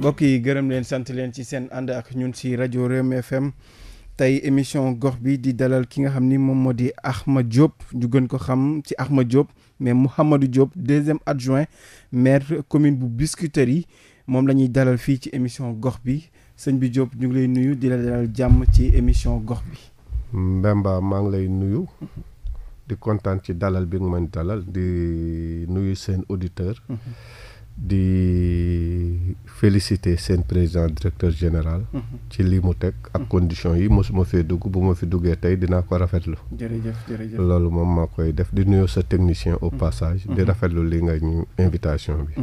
mbokk yi gërëm leen sant leen ci seen ànd ak ñun si rajo Rewmi FM tey émission gox bi di dalal ki nga xam ni moom moo di Ahmed Diop ñu gën ko xam ci Ahmed Diop mais Mouhamadou Diop deuxième adjoint maire commune bu Biscuiterie yi moom la ñuy dalal fii ci émission gox bi sëñ bi Diop ñu ngi lay nuyu di la dalal jàmm ci émission gox bi. Mbemba maa ngi lay nuyu. di kontaan ci dalal bi nga ma dalal di nuyu seen auditeur mhm. di féliciter seen président directeur général. Mm-hmm. ci lii mu teg ak mm-hmm. conditions yi mosuma fee dugg bu ma fi duggee tey dinaa ko rafetlu. jërëjëf jërëjëf loolu moom maa koy def di nuyu sa technicien au mm-hmm. passage. di rafetlu li nga ñu invitation bi.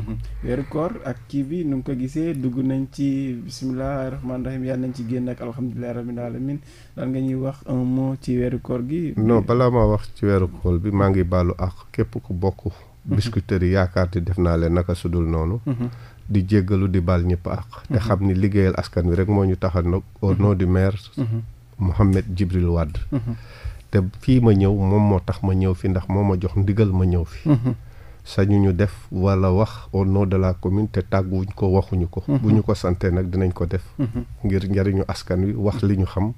weeru koor ak kii bi nu ngi ko gisee dugg nañ ci bisimilah rahmaani rahiim yàlla nañ ci génn ak alhamdulilah rabbil alamin lan nga ñuy wax un mot ci weeru koor gi. non balaa ma wax ci weeru koor bi maa ngi baalu ak képp ku bokk. biscuiterie yi yaakaar te def naa leen naka sudul noonu mhm. di jéggalu di baal ñëpp ak te mhm. xam ni liggéeyal askan wi rek moo ñu tax a no au mhm. nom du maire Mouhamed Djibril Wade te fii ma ñëw moom moo tax ma ñëw fi ndax moo ma jox ndigal ma ñëw fi sañu ñu def wala wax au nom de la commune te tàgguwuñ ko waxuñu ko bu ñu ko sante nag dinañ ko def ngir njariñu askan wi wax li ñu xam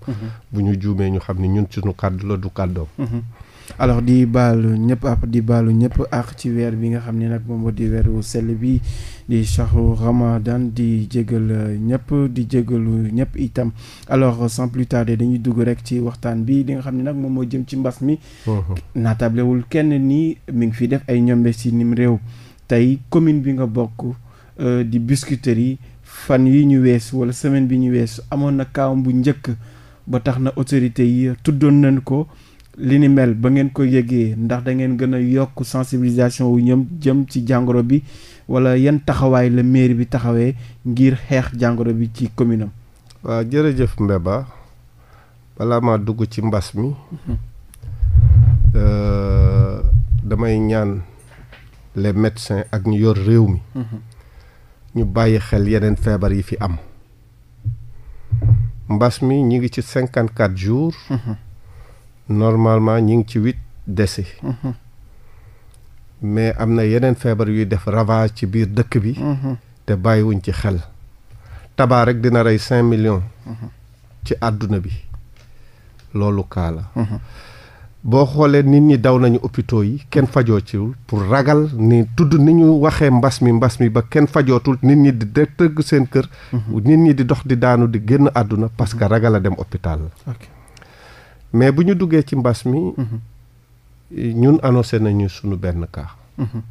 bu ñu juumee ñu xam ni ñun suñu kàddu la du kàddoom alors di baalu ñëpp ak di baalu ñëpp ax ci weer bi nga xam ne nag moom moo di weeru sell bi di shahru ramadan di jégal ñëpp di jëgalu ñëpp itam alors sans plus tarder dañuy dugg rek ci waxtaan bi di nga xam ne nag moom moo jëm ci mbas mi naatablewul kenn nii mi ngi fi def ay ñombe si nim réew tey commune bi nga bokk euh, di Biscuiterie yi fan yi ñu weesu wala semaine bi ñu weesu amoon na kaawam bu njëkk ba tax na autorité yi tuddoon nañ ko li ba ngeen ko yëgee ndax da ngeen gën a yokk sensibilisation wu ñoom jëm ci jàngoro bi wala yan taxawaay la mairie bi taxawee ngir xeex jàngoro bi ci commune am. waaw jërëjëf Mbeba balaa maa dugg ci mbas mi. Mhm. Euh, damay ñaan les médecins ak ñu yor réew mi. Mhm. ñu bàyyi xel yeneen feebar yi fi am. mbas mi ñu ngi ci cinquante quatre jours. Mhm. normalement ñi ngi ci huit décès mhm. mais am na yeneen feebar yuy def ravage ci biir dëkk bi mhm. te bàyyiwuñ ci xel tabaa rek dina rey cinq millions mhm. ci àdduna bi loolu kaa boo xoolee nit ñi daw nañu hôpitaux yi kenn fajoociwul pour ragal ni tudd ni ñu waxee mbas mi mbas mi ba kenn fajootul nit ñi di tëgg seen kër nit ñi di dox di daanu di génn àdduna parce que ragal a dem hôpital la mais bu ñu duggee ci mbas mi. Mhm. ñun annoncé nañu sunu benn cas. Mhm.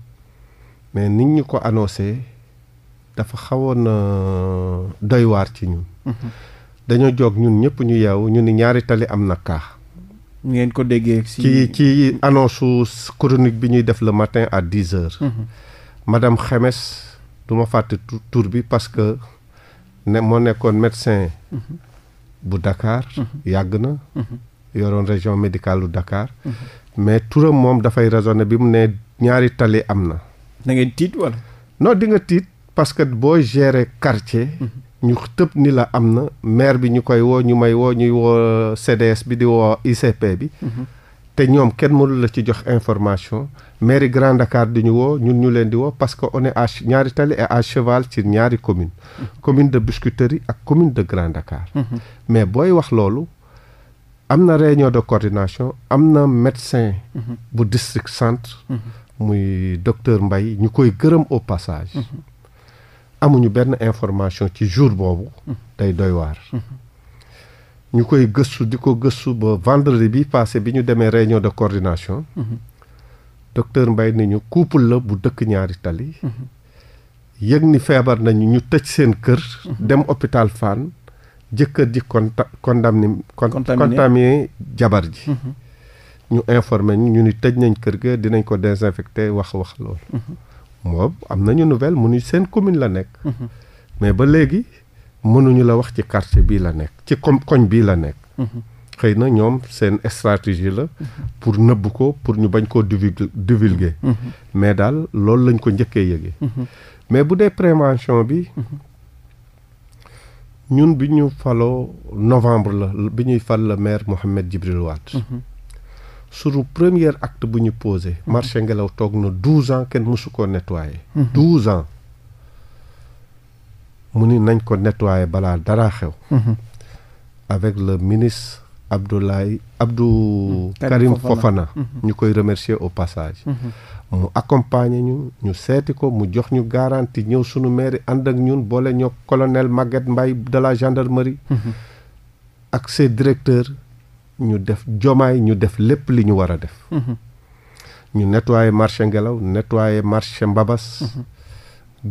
mais nit ñu ko annoncé dafa xawoon euh, doy waar ci ñun. Mhm. dañoo jóg ñun ñëpp ñu yeewu ñu ni ñaari tali am na cas. ngeen ko déggee ci ci annonce coronique bi ñuy def le matin à dix heures. madame Xemes duma ma fàtte tur bi parce que ne moo nekkoon médecin. bu Dakar. yàgg na. yoroon région médical lu Dakar. Mhm. mais turam moom dafay raisonné bi mu nee ñaari tali am na. da ngeen tiit wala. non di nga parce que boo gérer quartier. Mhm. ñu tëb ni la am na maire bi ñu koy woo ñu may woo ñuy woo CDS bi di woo ICP bi. Mhm. te ñoom kenn mënul la ci jox information mairie Grand Dakar di ñu woo ñun ñu leen di woo parce que on ñaari tali et à cheval ci ñaari commune commune de Biscuiterie ak commune de Grand Dakar. mais booy wax loolu. am na réunion de coordination am na médecin mhm. bu district centre mhm. muy docteur mbay ñu koy gërëm au passage mhm. amuñu benn information ci jour boobu day doy waar ñu koy gëstu di ko gëstu ba vendredi bi passé bi ñu demee réunion de coordination docteur mbay ni ñu couple la bu dëkk ñaari tali yëg ni feebar nañu ñu tëj seen kër dem hôpital Fann jëkkër ji conta condamné contaminé jabar ji mhm. ñu informé ñu ni tëj nañ kër gi dinañ ko désinfecté wax wax loolu mhm. moom am nañu nouvelle mu ni seen commune la nekk mhm. mais ba léegi mënuñu la wax ci quartier bii la nekk ci koñ koñ bii la nekk xëy na ñoom seen stratégie la pour nëbb ko pour ñu bañ koo divulguer mais daal loolu lañ ko njëkkee yëgee mais bu dee prévention bi ñun bi ñu faloo novembre la bi ñuy fal la maire Mouhamed Djibril Waat. Mhm. suñu premier acte bu ñu posé. Mhm. marché ngelaw toog na douze ans kenn mësu ko nettoyé. Mhm. douze ans mu ni nañ ko nettoyé balaa dara xew. avec le ministre Abdoulaye Abdou Karim Fofana. ñu koy remercier au passage. mu accompagner ñu ñu seeti ko mu jox ñu garantie ñëw sunu mairie ànd ak ñun boole ñoo colonel Maguette mbay de la gendarmerie. Mm-hmm. ak ses directeurs ñu def jomaay ñu def lépp li ñu war a def. Mm-hmm. ñu nettoyer marché ngelaw nettoyer marché mbabas. Mm-hmm.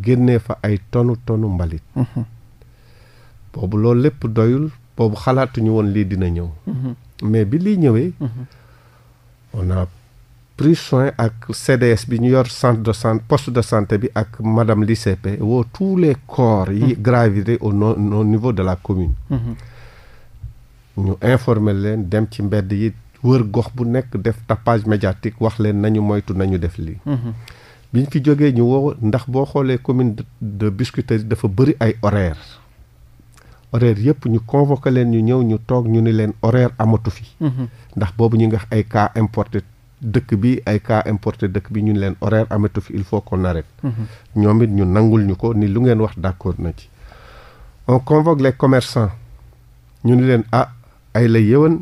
génnee fa ay tonu tonu mbalit. boobu loolu lépp doyul boobu xalaatuñu woon lii dina ñëw. mais bi lii ñëwee. pris soin ak CDS bi ñu yor centre de santé poste de santé bi ak madame l'ICP woo tous les corps yi mm-hmm. gravité au no niveau de la commune mm-hmm. ñu informer leen dem ci mbedd yi wër gox bu nekk def tapage médiatique wax leen nañu moytu nañu def lii mm-hmm. biñ fi jógee ñu woo ndax boo xoolee commune de Biscuiterie dafa bëri ay horaires horaire yëpp ñu convoqué ñu ñëw ñu toog ñu ni leen horaire amatu fi ndax boobu ñu ngi ay cas importés dëkk bi ay cas importé dëkk bi ñu ñun leen horaire amatu fi il faut qu'on arrête mhm. ñoom it ñu nangul ñu ko ni lu ngeen wax d'accord na ci on convoque les commerçants ñu ni leen ah ay la yëwan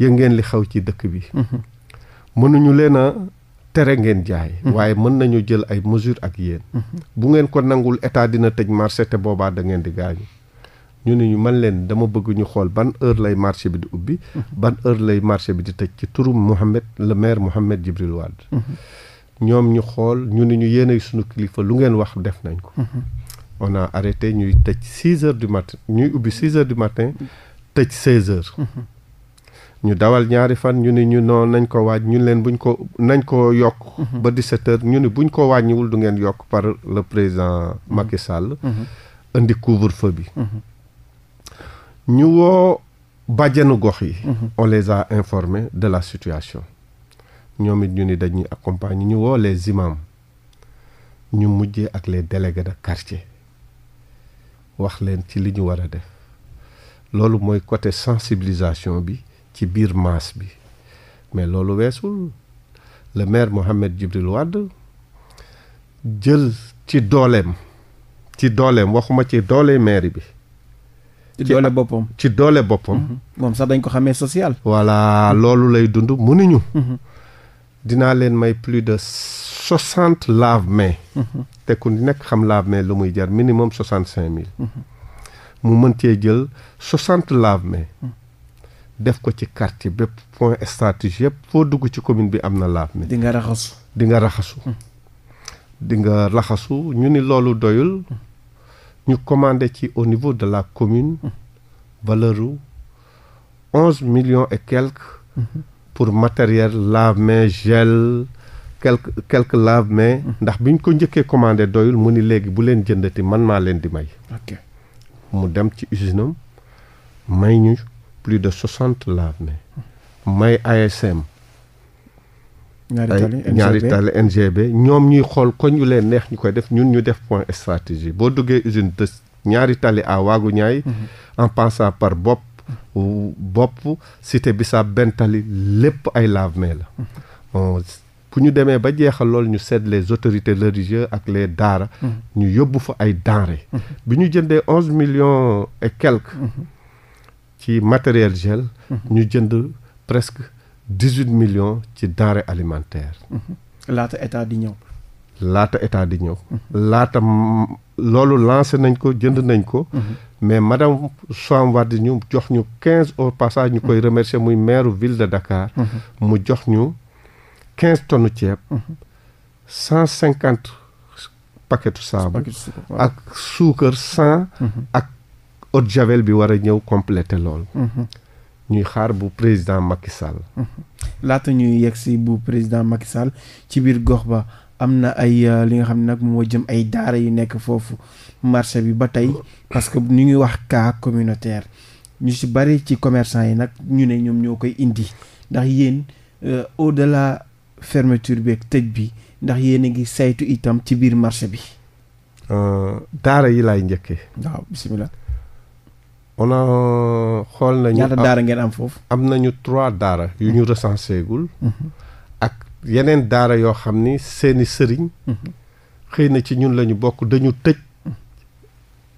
yëg ngeen li xew ci dëkk bi mhm. mënuñu leen a tere ngeen jaay mhm. waaye mën nañu jël ay mesures ak yéen bu ngeen ko nangul état dina tëj marché te boobaa da ngeen di gaañu ñu ne ñu man leen dama bëgg ñu xool ban heure lay marché bi di ubbi mhm. ban heure lay marché bi di tëj ci turu Mouhamed le maire Mouhamed Djibril Wade mhm. ñoom ñu xool ñu ne ñu yéenay suñu kilifa lu ngeen wax def nañ ko mhm. on a arrêté ñuy tëj six heures du matin ñuy ubbi six heures du matin tëj seize heures ñu dawal ñaari fan ñu ne ñu noon nañ ko waaj ñu leen buñ ko nañ ko yokk ba 17 heures ñu ne buñ ko wàññiwul du ngeen yokk par le président Macky Sall indi couvre bi ñu woo bàjjenu gox yi. on les de la situation. ñoom it ñu ni dañuy accompagner ñu woo les imams ñu mujjee ak les délégués de quartier wax leen ci li ñu war a def loolu mooy côté sensibilisation bi ci biir masse bi mais loolu weesul le maire Mohamed Djibril Wade jël ci dooleem ci dooleem waxuma ci doole maire bi. ci doole boppam ci doole boppam. Mhm. moom sax dañ ko xamee social. voilà loolu lay dund mënuñu. Mhm. dinaa leen may plus de soixante lave mais mhm. te ku nekk xam lave mais lu muy jar minimum soixante cinq mille. mu mën cee jël soixante lave-mains. def ko ci quartier bépp point stratégie yëpp foo dugg ci commune bi am na lave-mains. di nga raxasu di nga raxasu. di nga raxasu ñu ni loolu doyul. ñu commandé ci au niveau de la commune mm-hmm. valeur u onze millions et quelques mm-hmm. pour matériel lave-mains gel quelque quelque lave mais mm-hmm. ndax bi ñu ko njëkkee commandé doyul mu ni léegi bu leen jëndati man maa leen di may mu dem ci usine am may ñu plus de soixante lave-mains may ASM ñaari tali ngb ñoom ñuy xool ko ñu leen neex ñu koy def ñun ñu def point stratégie boo duggee usine de ñaari tali à waagu ñaay mhm. en passant par bopp bopp cité bisaab benn tali lépp ay lave-mains la mhm. bu ñu demee ba jeexal lool ñu seet les autorités religieuses ak les daara mhm. ñu yóbbu fa ay denrées bi ñu jëndee onze millions et quelques ci matériel gel ñu jënd presque dix huit millions ci denrée alimentaire. Mm-hmm. laata état di ñëw. laata état di ñëw. Mm-hmm. laata loolu lancé nañ ko jënd nañ ko. Mm-hmm. mais madame Soham Wardini ñu jox ñu quinze au passage ñu koy remercier muy maire ville de Dakar. mu jox ñu quinze tonnes ceeb. cent cinquante paquetu saabu. ak suukar cent. ak eau de javel bi war a ñëw complété lool ñuy xaar bu président Macky laata ñuy yegg si bu président Macky Sall ci biir gox ba am na ay euh, li nga xam nag moo jëm ay daara yu nekk foofu marché bi ba tey parce que ñu ngi wax kaa communautaire ñu si bari ci commerçant yi nag ñu ne ñoom ñoo koy indi ndax yéen euh, au delà fermeture bi ak tëj bi ndax yéen a ngi saytu itam ci biir marché bi. Euh, daara yi laay njëkkee. on a xool nañu. ñaata am foofu. am nañu trois daara yu ñu recensé gul. Mhm. ak yeneen daara yoo xam ni seeni sëriñ. Mhm. xëy na ci ñun lañu bokk dañu tëj.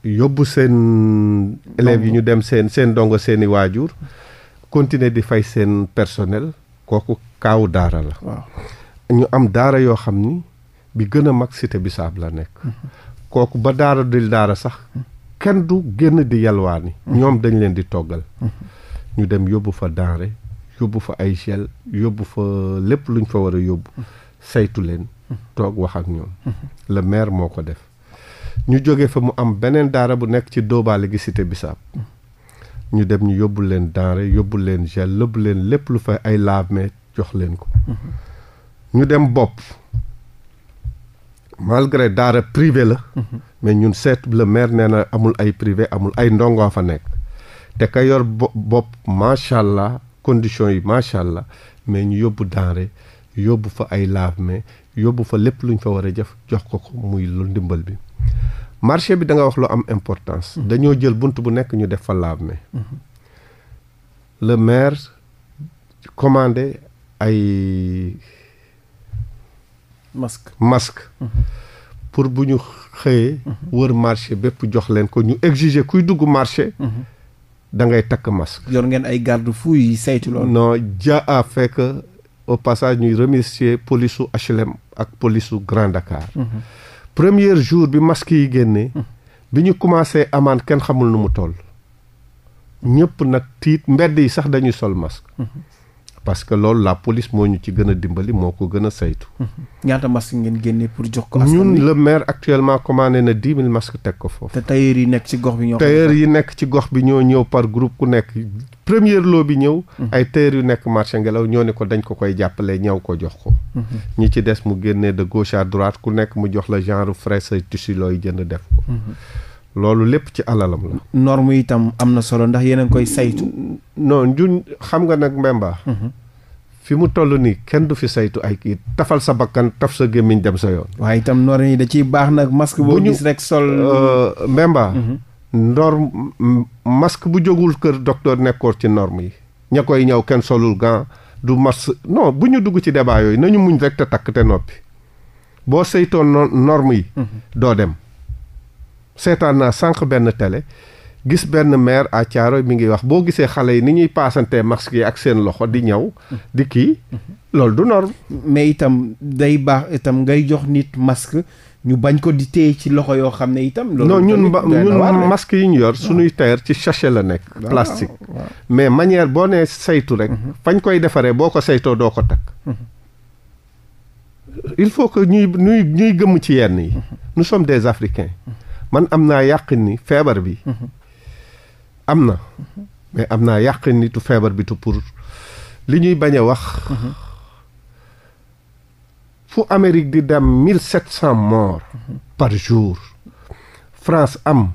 yóbbu seen. élèves yu ñu dem seen seen dongo seeni waajur. continuer di fay seen personnel kooku kaawu daara la. ñu am daara yoo xam ni bi gën a mag cité bisaab la nekk. Mhm. kooku ba daara dul daara sax. kenn du génn di yalwaani mm-hmm. ñoom dañ leen di toggal mm-hmm. ñu dem yóbbu fa denrée yóbbu fa ay gel yóbbu fa lépp luñ fa war a yóbbu mm-hmm. saytu leen toog wax ak ñoom le maire moo ko def ñu jóge fa mu am beneen daara bu nekk ci doobaale gi cité bisaab ñu dem ñu yóbbu leen denrée yóbbu leen gel yóbbu leen lépp lu fa ay laame jox leen ko ñu dem bopp malgré daara privé la. mais ñun seet le maire nee na amul ay privé amul ay ndongo fa nekk. te ka yor bopp macha allah conditions yi macha allah mais ñu yóbbu denrée yóbbu fa ay lave-mains yóbbu fa lépp lu luñ fa war a jëf jox ko ko muy ndimbal bi. marché bi da nga wax lu am importance. Mhm. dañoo jël bunt bu nekk ñu def fa lave mhm. le maire commandé ay. masque masque. pour bu ñu xëyee. wër marché bépp jox leen ko ñu exiger kuy dugg marché. da ngay takk masque. yor ngeen ay garde fou yi saytu loolu. non ja a fekk au passage ñuy remercier police su HLM ak police su Grand Dakar. Mhm. premier jour bi masque yi génnee. bi ñu commencé amaan kenn xamul nu mu toll. ñëpp nag tiit mbedd yi sax dañuy sol masque. Mhm. parce que loolu la polis moo ñu ci gën dimbali moo ko gën a saytu. Hmm. ñaata masque ngeen génne pour jox ko. ñun le maire actuellement commandé na dix mille masques teg ko foofu. te tailleur yi nekk ci gox bi ñoo. tailleur yi nekk ci gox bi ñoo ñëw par groupe ku nekk première lot bi ñëw. Hmm. ay tailleur yu nekk marché ngelaw ñoo ne ko dañ ko koy jàppale ñëw ko jox ko. Hmm. ñi ci des mu génnee de gauche à droite ku nekk mu jox la genre frais sa tissu looy jënd def ko. loolu lépp ci alalam la. norme yi itam am na solo ndax yeneen koy saytu. non ñun xam nga nag Mbemba. Mhm. fi mu toll nii kenn du fi saytu ay kii tafal sa bakkan taf sa gémmiñ dem sa yoon. waaye itam norme yi da ciy baax nag masque boo gis rek sol euh, Mbemba. Mhm. norme masque bu jógul kër docteur nekkoon ci norme yi. ña koy ñëw kenn solul gant du mas non bu ñu dugg ci débat yooyu nañu muñ rek te takk te noppi boo saytoon norme yi. Mhm. doo dem. seetaan naa sànq benn tele gis benn maire à Thiaroye mi ngi wax boo gisee xale yi ni ñuy paasantee masque yi ak seen loxo di ñaw di kii loolu du norme mais itam day baax itam ngay jox nit masque ñu bañ ko di téye ci loxo yoo xam ne itam non ñun ñun yi ñu yor suñuy teer ci sachet la nekk ah, plastique mais manière boo ne saytu rek mhm. fañ koy defaree boo ko saytoo doo ko takk mhm. il faut que ñuy ñuy ñuy gëmm ci yenn yi mhm. nous des Africains man am naa yàqin ni feebar bi. Mhm. am na. mais am naa yàqin nitu feebar bi tu pour li ñuy bañ a wax. Mhm. fu Amérique di dem mille sept cent morts. Mhm. par jour. France am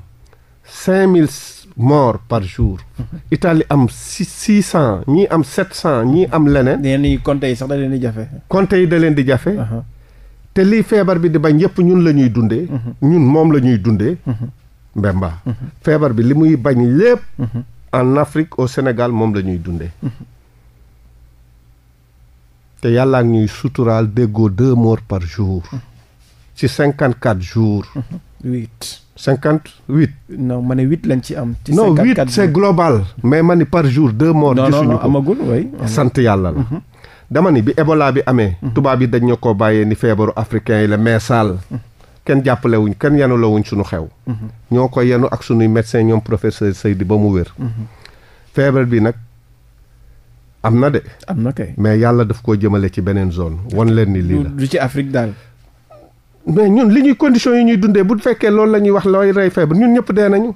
cinq mille morts par jour. Italie am six six cent ñii am sept cent ñii am leneen. dañu compter yi sax da leen di jafe. compter yi da leen di jafe. Uh-huh. te lii feebar bi di bañ yëpp ñun lañuy ñuy dundee. Mhm. ñun moom la ñuy dundee. Mhm. Mbemba. Mhm. feebar bi li muy bañ lépp. en Afrique au senegal moom lañuy ñuy dundee. te yàllaa ñuy suturaal déggoo deux morts par jour. ci cinquante quatre jours. huit. cinquante ma ne huit lañ ci am. ci cinquante quatre non huit c'est global. mais ma ni par jour deux morts. gisuñu ko sant yàlla la. dama ni bi Ebola bi amee. Mhm. tubaab yi dañ ñu koo bàyyee ni feebaru africain yi la mais saal. Mhm. kenn jàppalewuñ kenn yenu yanulawuñ suñu xew. Mhm. ñoo koy yenu ak suñuy médecin ñoom professeur Seydi ba mu wér. feebar bi nag am na de. am na kay mais yàlla daf koo jëmale ci beneen zone wan leen ni lii la. du ci Afrique daal. mais ñun li ñuy conditions yi ñuy dundee bu fekkee loolu la ñuy wax looy rey feebar ñun ñëpp dee nañu.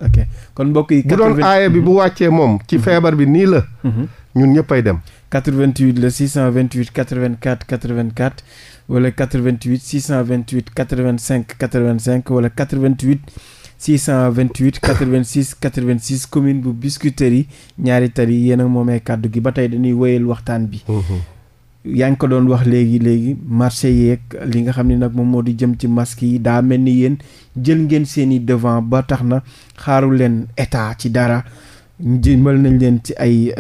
yi. bu doon aaya bi bu wàccee moom. ci feebar bi nii la. ñun ñëppay dem. 88 le 628 84 84 wala 88 628 85 85 wala 88 628 86 86 commune bu Biscuiterie ñaari tali yéen a moomee kàddu gi ba tey dañuy wéyal waxtaan bi. Mhm. yaa ngi ko doon wax léegi léegi marché yeeg li nga xam ne nag moom moo di jëm ci masque yi daa mel ni yéen jël ngeen seen i devant ba tax na xaaru leen état ci dara. jëmbal nañ leen ci ay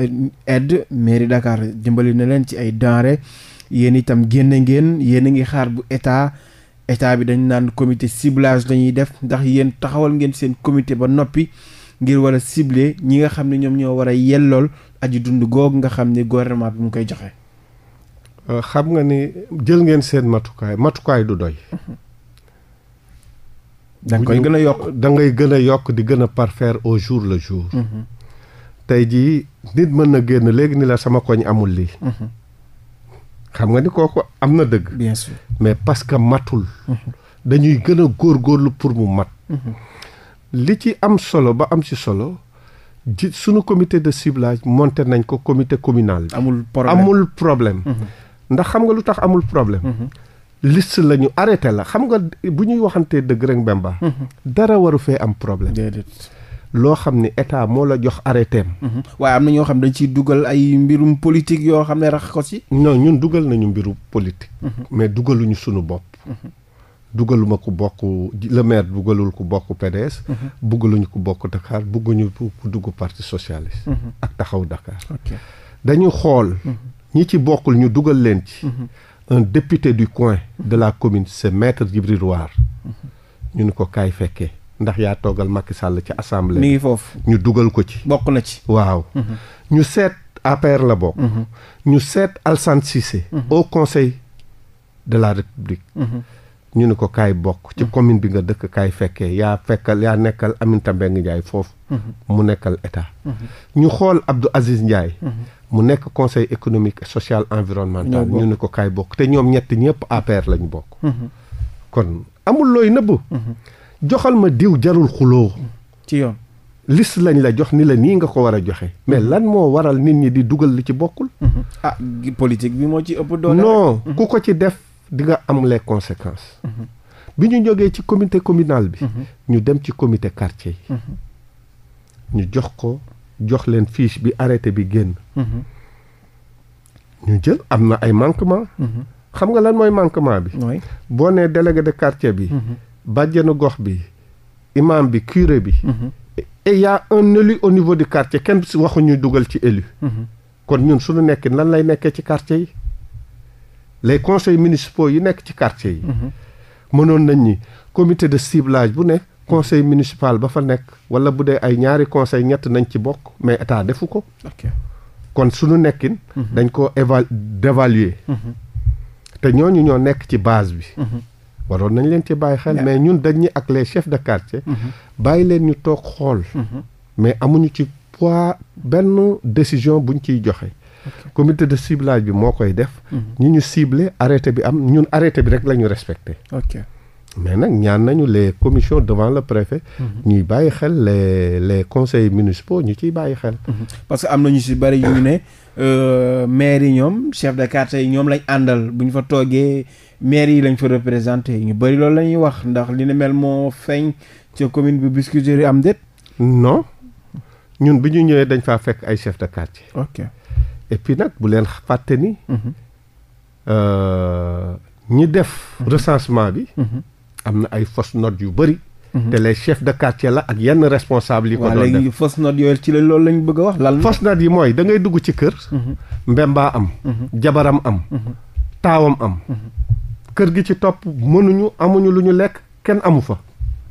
aide mairie Dakar jëmbali na leen ci ay denrées yéen itam génn ngeen yéen a ngi xaar bu état état bi dañ naan comité ciblage la def ndax yéen taxawal ngeen seen comité ba noppi ngir war a cibler ñi nga xam ne ñoom ñoo war a yellool aju dund googu nga xam ne gouvernement bi mu koy joxe. Euh, xam nga ni jël ngeen seen matukaay matukaay du doy. da koy gën a yokk gën a yokk di gën a parfaire au jour le jour. Mm-hmm. tey jii nit mën na génn léegi ni la sama koñ amul lii. Mhm. xam nga ni kooku am na dëgg. bien mais parce que matul. Mhm. dañuy gën a góorlu pour mu mat. Mhm. li ci am solo ba am si solo. ji sunu comité de ciblage monté nañ ko comité communal. amul problème amul problème. ndax xam nga lu tax amul problème. liste la ñu arrêté la xam nga bu ñuy waxantee dëgg rek Mbemba. dara waru fee am problème. loo xam ne état moo la jox arrêté am. Mhm. waaye am na ñoo xam dañ ciy dugal ay mbirum politique yoo xam ne rax ko ci. non ñun dugal nañu mbiru politique. Mhm. mais dugaluñu suñu bopp. Mhm. dugaluma ko bokk le maire dugalul ko bokk PDS. buggaluñu ko bokku Dakar bugguñu ku dugg parti socialiste. ak taxaw Dakar. dañu xool. ñi ci bokkul ñu dugal leen ci. un député du coin. de la commune c'est maître Djibril War. ñu nu ko kaay fekkee. ndax yaa toogal Macky Sall ci assemblée. mi ngi foofu ñu dugal ko ci. bokk na ci waaw. Mhm. ñu seet APR la bokk. Mhm. ñu seet Alsane Cissé. Mhm. au conseil de la république. ñu ne ko kaay bokk. ci commune bi nga dëkk kaay fekkee yaa fekkal yaa nekkal Aminata Mbengue Ndiaye foofu. mu nekkal état. ñu xool Abdou Aziz Ndiaye. mu nekk conseil économique social environnemental. ñu ne ko kaay bokk te ñoom ñett ñëpp APR lañu bokk. kon amul looy nëbbu. joxal ma diw jarul xuloo ci yoon liste lañ la jox ni la nii nga ko war a joxe mais mhm. lan moo waral nit ñi di dugal li ci bokkul mhm. ah politique bi moo ci ëpp doole non mhm. ku ko ci def di nga am les conséquences bi ñu jógee ci comité communal bi ñu dem ci comité quartier yi ñu jox ko jox leen fiche bi arrêté bi génn ñu jël am na ay manquement xam nga lan mooy manquement bi boo nee délégué bi bàjjenu gox bi imam bi curé bi. Mhm. et y' a un élu au niveau du quartier kenn si dugal ci élu. Mhm. kon ñun suñu nekk nan lay nekkee ci quartier yi les conseils municipaux yi nekk ci quartier yi. Mhm. mënoon nañ ni comité de ciblage bu ne conseil municipal ba fa nekk wala bu dee ay ñaari conseil ñett nañ ci bokk mais état defu ko. kon suñu nekkin. dañ ko éva te ñooñu ñoo nekk ci base bi. waroon nañ leen ci bàyyi xel mais ñun dañ ñi ak les chefs de quartier. Mm-hmm. bàyyi leen ñu toog xool. Mm-hmm. mais amuñu ci poids benn décision buñ ciy joxe. commité de ciblage bi moo koy def. Mm-hmm. ñi ñu ciblé arrêté bi am ñun arrêté bi rek la ñu respecté. mais nag ñaan nañu les commission devant le préfet. ñuy bàyyi xel les les conseils municipaux ñu ciy bàyyi xel. parce que am nañu ñu si bari ñu ne euh, maire yi ñoom chef de quartier yi ñoom lañ àndal bu ñu fa toogee. maire yi lañ fa représenté ñu bëri loolu lañuy wax ndax li ne mel moo feeñ ca commune bi Biscuiterie am déet. non ñun bi ñu ñëwee dañ fa fekk ay chef de quartier. ok nag bu leen fàtte ni. Mhm. Euh, ñi def mhm. recensement bi. Mhm. am na ay fausses notes yu bari te les chefs de quartier la ak yenn responsable yi ko doon def léegi fausse note yooyu ci la loolu lañ bëgg a wax lan fausse note yi mooy da ngay dugg ci kër mbembaa am jabaram am taawam am kër gi ci topp mënuñu amuñu lu ñu lekk kenn amu fa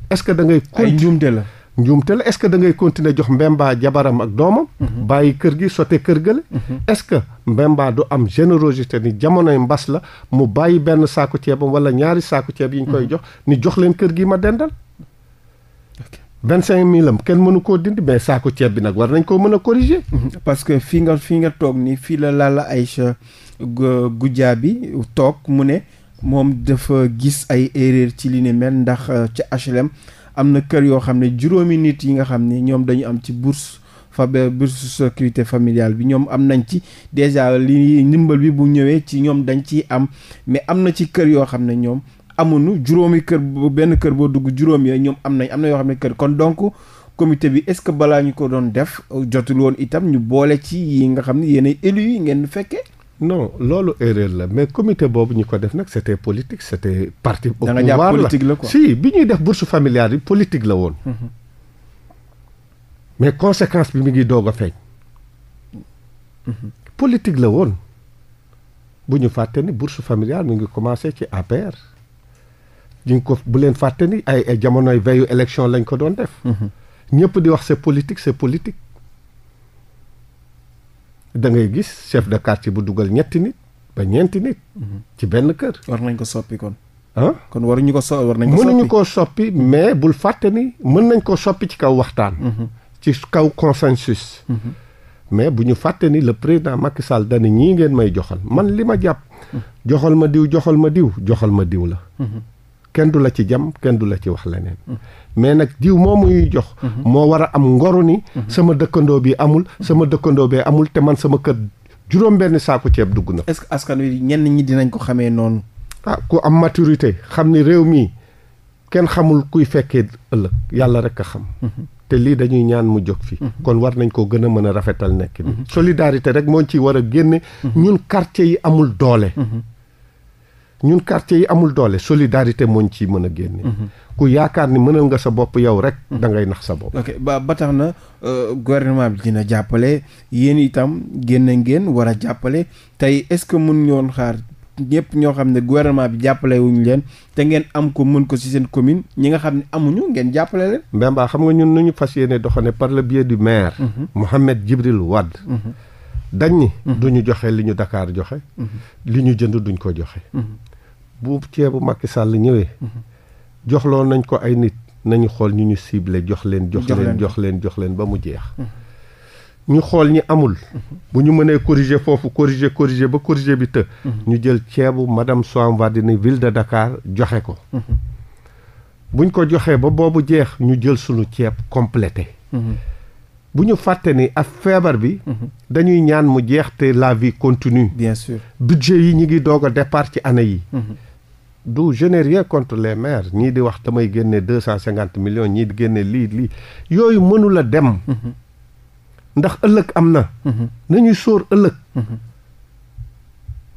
est-ce que da ngay ay njuumte la njuumte la est-ce que da ngay continuer jox mbemba jabaram ak doomam mhm. bàyyi kër gi sote kër gële mhm. est-ce que mbemba du am générosité ni jamonoy mbas la mu bàyyi benn saaku ceebam wala ñaari saaku ceeb yi ñu koy mhm. jox ni jox leen kër gi ma dendal vingt cinq mille kenn mënu koo dindi mais saako ceeb bi nag war nañ koo mën a corriger. parce que fii nga fii nga toog ni fii la Lalla Aïcha Goudiaby toog mu ne moom dafa gis ay éréer ci li ni mel ndax euh, ca HLM am na kër yoo xam ne juróomi nit yi nga xam ne ñoom dañu am ci bourse fabe bourse sécurité familial bi ñoom am nañ ci déjà li ndimbal bi bu ñëwee ci ñoom dañ ci am mais am na ci kër yoo xam ne ñoom amuñu juróomi kër benn kër boo dugg juróom yooyu ñoom am nañ am na yoo xam ne kër kon donc comité bi est-ce que balaa ñu ko doon def jotul woon itam ñu boole ci yi nga xam ne yéen ay yi ngeen fekkee non loolu erreur la mais comité boobu ñu ko def nag c' était politique parti. au pouvoir la politique si bi ñuy def bourse familiale yi politique la woon. Mhm. mais conséquence bi mi ngi doog a feeñ. Mhm. politique la woon bu ñu fàtte ni bourse familiale mu ngi commencé ci APR. di nga ko bu leen fàtte ni ay jamonoy veyu élection lañ ko doon def. Mhm. ñëpp di wax se est politique c' est da ngay gis chef de quartier bu dugal ñetti nit ba ñeenti nit. Mhm. ci benn kër. war nañ ko soppi ah kon waruñu ko so war nañ ko soppi koo soppi mais bul fàtte ni mën nañ ko soppi ci kaw waxtaan. Mhm. ci kaw consensus. Mhm. mais bu ñu fàtte ni le président Macky Sall dana ñii ngeen may joxal man li ma jàpp. joxal ma diw joxal ma diw joxal ma diw la. kenn du la ci jam kenn du la ci wax leneen mm. mais nag jiw moo muy jox mm-hmm. moo war a am ngoru ni mm-hmm. sama dëkkandoo bi amul mm-hmm. sama dëkkandoo bee amul te man sama kër juróom benn saako ceeb dugg na est-ce que askan wi ñenn ñi dinañ ko xamee noonu ah ku am maturité xam ni réew mii kenn xamul kuy fekkee ëllëg yàlla rek a xam te lii dañuy ñaan mu jóg fi kon war nañ koo gën a mën a rafetal nekk bi solidarité rek moo ci war a génne ñun quartier yi amul doole ñun quartier yi amul doole solidarité mooñ ci mën a génne. Mhm. ku yaakaar ni mënal nga sa bopp yow rek. Mhm. da ngay nax sa bopp. ok ba ba tax na euh, gouvernement bi dina jàppale yéen itam génne ngeen war a jàppale tey est-ce que mën ñoon xaar ñëpp ñoo xam ne gouvernement bi jàppale wuñu leen te ngeen am ko mën ko ci seen commune ñi nga xam ne amuñu ngeen jàppale leen. Mbemba xam nga ñun nu ñu fas yéene doxane par le biais du maire. Mhm. Mohamed Djibril Wade. dañ ni. du joxe li ñu Dakar joxe. ñu jënd duñ ko joxe. bu ceebu Macky Sall ñëwee. Mhm. joxloon nañ ko ay nit nañu xool ñu ñu ciblé jox leen. jox leen jox leen jox leen ba mu jeex. Mhm. ñu xool ñi amul. Mhm. bu ñu mënee corriger foofu corriger corriger ba corriger bi të. ñu jël ceebu madame Soham Wardini ville de Dakar joxe ko. buñ ko joxee ba boobu jeex ñu jël sunu ceeb complété. bu ñu fàtte ni ak feebar bi. dañuy ñaan mu jeex te la vie continue. bien sûr yi ñu ngi doog a ci année yi. du je n'ai rien contre les maires ñii di wax damay génne deux cent cinquante millions ñii di génne lii lii yooyu mënula dem mm-hmm. ndax ëllëg am na mm-hmm. nañuy sóor ëllëg mm-hmm.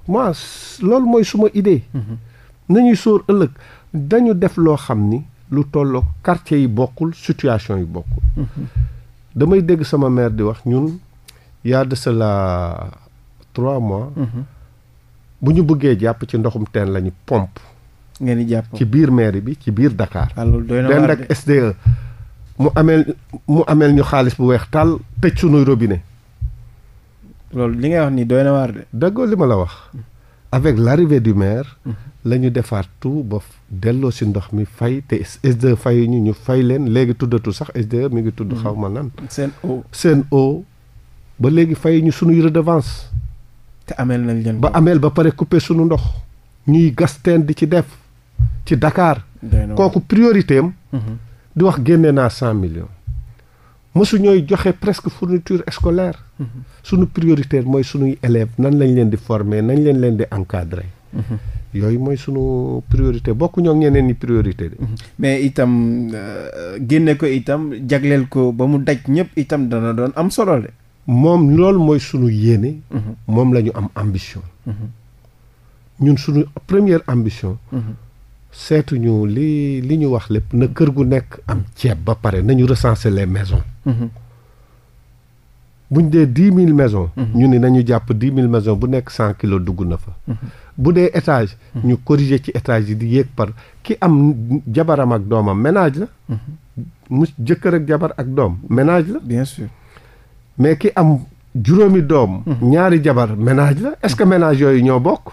moi loolu mooy suma idée nañuy sóor ëllëg dañu def loo xam ni lu tolloo quartier yi bokkul situation yi bokkul damay dégg sama maire di wax ñun yaa de la trois mois bu ñu buggee jàpp ci ndoxum teen lañu pomp ngeen di jàpp ci biir mairie bi ci biir Dakar. alors ah, doy na waar ak SDE. E, mu ameel mu ameel ñu xaalis bu weex tàll tëj sunuy robine loolu li ngay wax ni doy na dëggoo li ma la wax. Mm-hmm. avec l'arrivée du maire. Mm-hmm. la ñu defaat tout ba delloo si ndox mi fay te SDE fay ñu ñu fay leen léegi tuddatu sax SDE mi ngi tudd mm-hmm. xaw ma nan. seen o seen o ba léegi fay ñu sunuy redevance te ameel nañ leen ba ameel ba pare couper sunu ndox. ñuy gas teen di ci def. ci Dakar. kooku priorité am. Mhm. di wax génne naa cent million mosu ñooy joxe presque fourniture scolaire. Mhm. sunu prioritaire mooy sunuy élève nan lañ leen di former nañ leen leen di encadrer. Mhm. yooyu mooy sunu priorité bokk ñoo ñeneen ni priorité de. mais itam euh, génne ko itam jagleel ko ba mu daj ñëpp itam dana doon am solo moom loolu mooy sunu yéene. moom la ñu am ambition. ñun sunu première ambition. seetuñu lii li ñu wax lépp na kër gu nekk am ceeb ba pare nañu recenser les maisons mhm. buñ dee dix mille maisons mhm. ñu ni nañu jàpp dix mille maisons bu nekk cent kilo dugg na fa mhm. bu dee étage ñu corriger ci étage yi di yéeg par ki am jabaram ak doomam ménage la mu jëkkër ak jabar ak doom ménage la bien mais ki am juróomi doom ñaari jabar ménage la est-ce que ménage yooyu ñoo bokk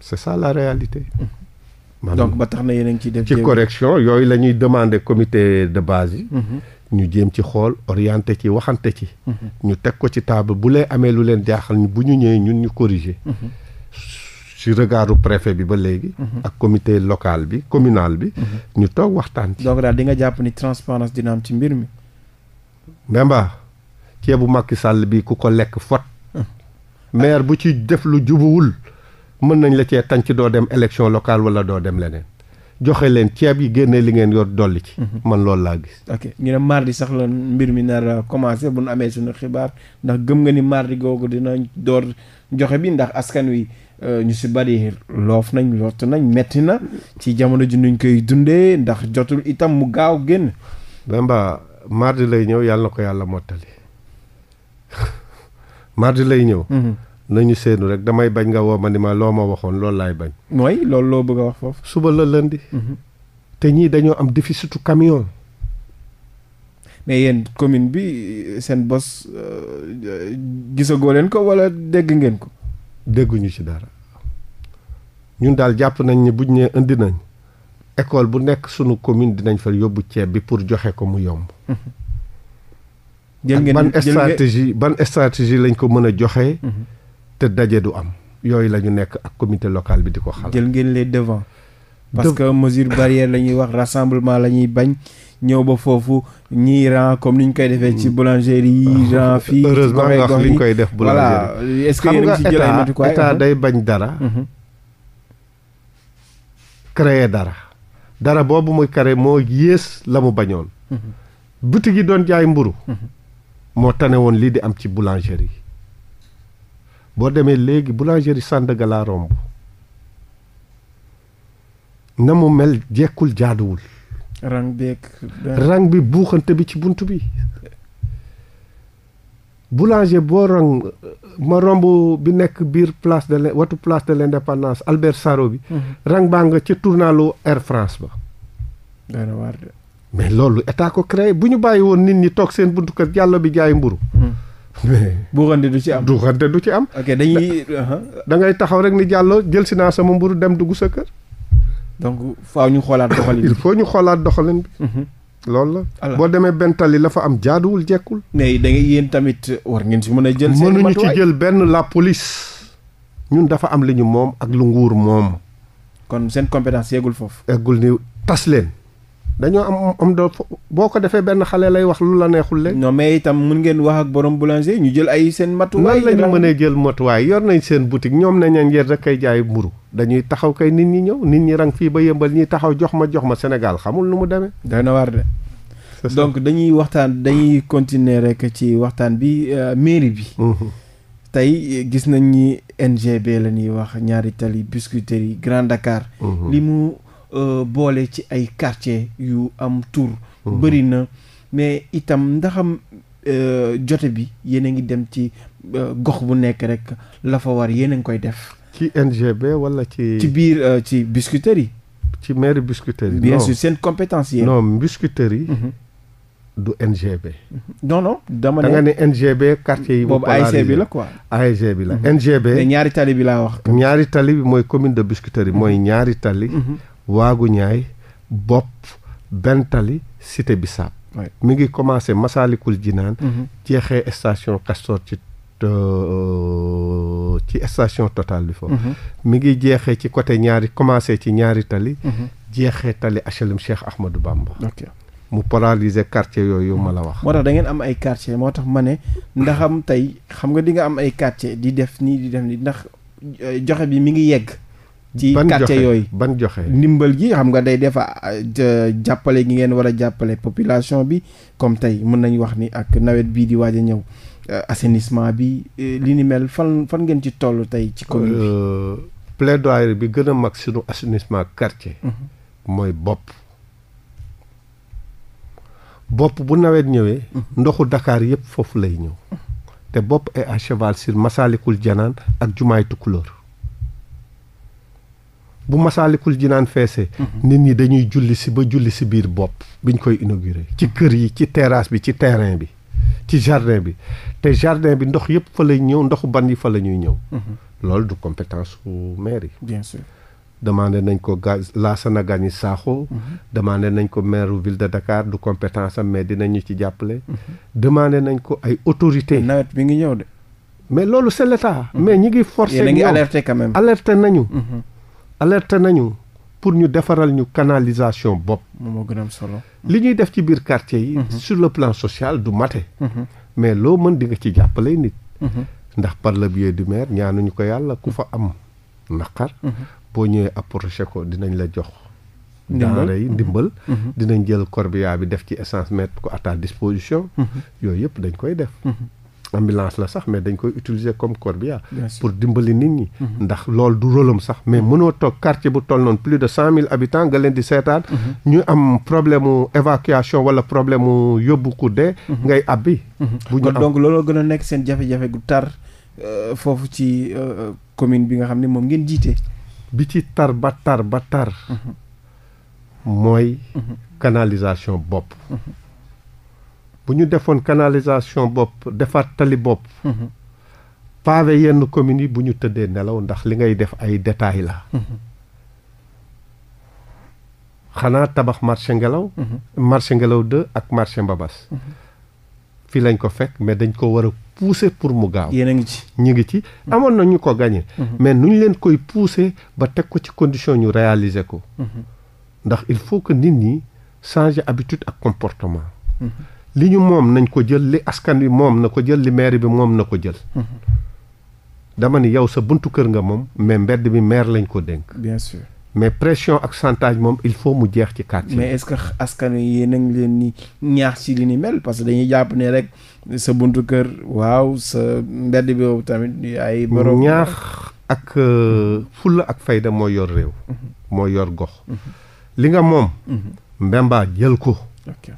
c' est réalité. maanaam mm-hmm. donc ba na yéen a ngi ciy def. ci correction yooyu lañuy ñuy demander comité de base yi. Mm-hmm. ñu jéem ci xool orienté ci waxante ci. Mm-hmm. ñu teg ko ci table bu lee amee lu leen jaaxal bu ñu ñëwee ñun ñu corriger. ci regardu préfet bi ba léegi. ak comité local bi communal bi. ñu toog waxtaan ci. donc daal di nga jàpp ni transparence dina am ci mbir mi. Mbemba ceebu Macky sàll bi ku ko lekk fot mm. maire bu ci def lu jubuwul. mën nañ la cee ci doo dem élection local wala doo dem leneen joxe leen ceeb yi génne li ngeen yor dolli ci. Mhm. man loolu laa gis. ok ñu ne mardi sax la mbir mi na a commencé bu nu amee suñu xibaar ndax gëm nga ni mardi googu dina door joxe bi ndax askan wi euh, ñu si bari loof nañ lott nañ metti na ci jamono ji nuñ koy dundee ndax jotul itam mu gaaw génn. Bemba mardi lay ñëw yàlla ko yàlla mottali mardi lay ñëw. Mhm. nañu seenu rek damay bañ nga woo ma ni loo ma waxoon loolu laay bañ. mooy loolu loo bëgg a wax foofu. suba la lundi. Mhm. te ñii dañoo am déficitu camion. mais yéen commune bi seen bos euh, gisagoo leen ko wala dégg ngeen ko. dégguñu ci dara ñun daal jàpp nañ ne buñ nee indi nañ école bu nekk sunu commune dinañ fa yóbbu ceeb bi pour joxe ko mu yomb. Mhm. jël ngeen ban stratégie ban stratégie lañ ko mën a joxe. Mhm. te daje du am yooyu la ñu nekk ak commité locale bi di ko xalaat. jël ngéen les devant parce que mesure barrière la ñuy wax rassemblement la ñuy bañ ñëw ba foofu ñii comme ni ñu koy defee ci mm. boulangerie yi rang fii. heureusement nga xam li ñu koy def boulangerie est-ce que a ngi day bañ dara. Mm-hmm. dara. dara boobu muy créer moo yées la mu bañoon. Mm-hmm. boutique yi doon jaay mburu mm-hmm. moo tane woon lii di am ci boulangerie. boo demee léegi boulangerie Sandaga laa romb na mu mel jekkul jaaduwul. rang bi buuxante bi ci bunt bi boulanger boo rang ma romb bi nekk biir place de l' watu place de l' indépendance Albert Sarraut bi. Mm -hmm. rang baa nga ci tournalu Air France ba. mais loolu état ko créé bu ñu bàyyi woon nit ñi toog seen buntu kër yàlla bi jaay mburu buuxante du ci am buuxante du ci am. ok dañuy. da uh-huh. ngay taxaw rek ni jàlloo jël si naa sama mburu dem dugg sa kër. donc faaw ñu xoolaat doxalin ñu xoolaat doxalin bi. Mm-hmm. loolu la boo demee benn tali la fa am jaaduwul jekkul. mais da ngay yéen tamit war ngeen si mën a jël. seen mënuñu ci jël benn la police. ñun dafa am li ñu moom ak lu nguur moom. kon seen compétence yeggul foofu. eggul ni tas leen. dañoo am am de boo ko defee benn xale lay wax lu la neexul le non mais itam mun ngeen wax ak borom boulanger ñu jël ay seen matuwaay nan la ñu mënee jël matuwaay yor nañ seen boutique ñoom nañ leen yër rek kay jaay mburu dañuy taxaw kay nit ñi ñëw nit ñi rang fii ba yëmbal ñi taxaw jox ma jox ma senegal xamul lu mu demee day na war de donc dañuy waxtaan dañuy continuer rek ci waxtaan bi euh, mairie bi mm-hmm. tey gis nañ ni NGB la ñuy wax ñaari tali biscuiterie Grand Euh, boole ci ay quartier yu am tur mhm. bëri na mais itam ndaxam euh, jote bi yéen a ngi dem ci euh, gox bu nekk rek la fa war yéen a ngi koy def ci NGB wala ci ci biir ci biscuiterie yi ci mairie biscuiterie yi bien sûr seen compétence yéen non biscuiterie yi mhm. du NGB. Mhm. non non dama ne NGB quartier yi. boobu ASC bi la quoi. ASC bi la NGB. ñaari tali bi laa wax. ñaari tali bi mooy commune de Biscuiterie mooy ñaari tali. waagu ñaay bopp bentali cité bisaab mi ngi commencé masaalikul jinaan mhm. jeexee station Castor ci euh, ci station Total bi foofu mhm. mi ngi jeexee ci côté ñaari commencé ci ñaari tali mhm. jeexee tali HLM Cheikh Ahmadou Bamba mu polariser quartier yooyu ma la wax moo tax da ngeen am ay quartier moo tax ma ne ndaxam tey xam nga di nga am ay quartier di def nii di def nii ndax euh, joxe bi mi ngi yegg ci quartier yooyu ban joxe ndimbal gi xam nga day defa ah, jàppale gi ngeen war a jàppale population bi comme tey mën nañu wax ni ak nawet bii di waaj a ñëw euh, assainissement bi euh, li ni mel fan fan ngeen ci toll tey ci commune bi euh, plaidoyer bi gën a mag sunu assainissement quartier mhm. mooy bopp bopp bu nawet ñëwee mhm. ndoxu dakaar yëpp foofu lay ñëw mhm. te bopp est à cheval sur Janaan ak jumaay Tukulóor bu masaalikul jinaan feesee mhm. nit ñi dañuy julli si ba julli si biir bopp ñu koy inauguré ci mhm. kër yi ci terrasse bi ci terrain bi ci jardin bi te jardin bi ndox yëpp fa lay ñëw ndoxu ban yi fa la ñuy ñëw mhm. loolu du compétence su maire yi bien nañ ko ga Lassana Gagny Sakho demande nañ ko maire ville de Dakar du compétence am mais dinañu ci jàppale demandé nañ ko ay autorité nawet bi ngi ñëw de mais loolu c'est mais ñi ngi force ñi ngi alerté quand même nañu alerte nañu pour ñu defaral ñu canalisation bopp. moo gën am solo. li ñuy def ci biir quartier yi. Mhm. sur le plan social du mate. Mhm. mais loo mën di nga ci jàppale nit. Mhm. ndax par le biais du maire ñaanuñu ko yàlla ku fa am naqar. boo ñëwee approché ko dinañ la jox. daara yi ndimbal dinañ jël corbillard bi def ci essence mettre ko à disposition yooyu yëpp dañ koy def ambulance la sax mais dañ koy utiliser comme corbillard pour dimbali nit ñi mhm. ndax loolu du rôlam sax mais mhm. mënoo toog quartier bu toll noonu plus de cent mille habitants nga leen di seetaan mhm. ñu am problème mu évacuation wala problème mu yóbbu ku dee ngay abbi bu ñu donc looloo gën a nekk seen jafe-jafe gu tar euh, foofu ci euh, commune bi nga xam ne moom ngeen jiite bi ci tar ba tar ba tar mooy canalisation bopp bu ñu defoon canalisation bopp defaat tali bopp. Mhm. paave yenn communes yi bu ñu tëddee nelaw ndax li ngay def ay détails la. Mhm. xanaa tabax marché ngelaw. Mhm. marché ngelaw 2 ak marché mbabas. fii lañ ko fekk mais dañ ko war a pousser pour mu gaaw. yéen a ngi ci ñu ngi ci amoon nañu ko gagné. mais nu ñu leen koy pousser ba teg ko ci condition ñu réaliser ko. ndax il faut que nit ñi changer habitude ak comportement. li ñu moom nañ ko jël li askan bi moom na ko jël li maire bi moom na ko jël. Mm-hmm. dama ni yow sa buntu kër nga moom mais mbedd bi maire lañ ko dénk. bien mais pression ak santage moom il faut mu jeex ci quartier. mais est-ce que askan wi yéen a ngi leen ni ñaax ci li ni mel parce que dañuy jàpp ne rek sa buntu kër waaw sa mbedd bi boobu tamit ay. borom ñaax ak euh, fulla ak fayda moo yor réew. Mm-hmm. moo yor gox. Mm-hmm. li nga moom. Mbemba jël ko.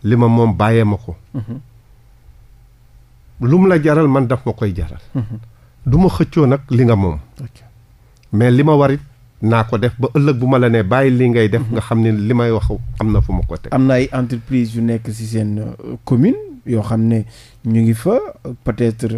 li ma moom bàyyee ma ko mhm. lu mu la jaral man daf ma koy jaral mhm. du ma xëccoo nag li nga moom mais li ma warit naa ko def ba ëllëg bu ma la nee bàyyi li ngay def mhm. nga xam ne li may wax am na fu ma ko teg am na ay entreprise yu nekk ci seen euh, commune yoo xam ne ñu ngi fa peut-être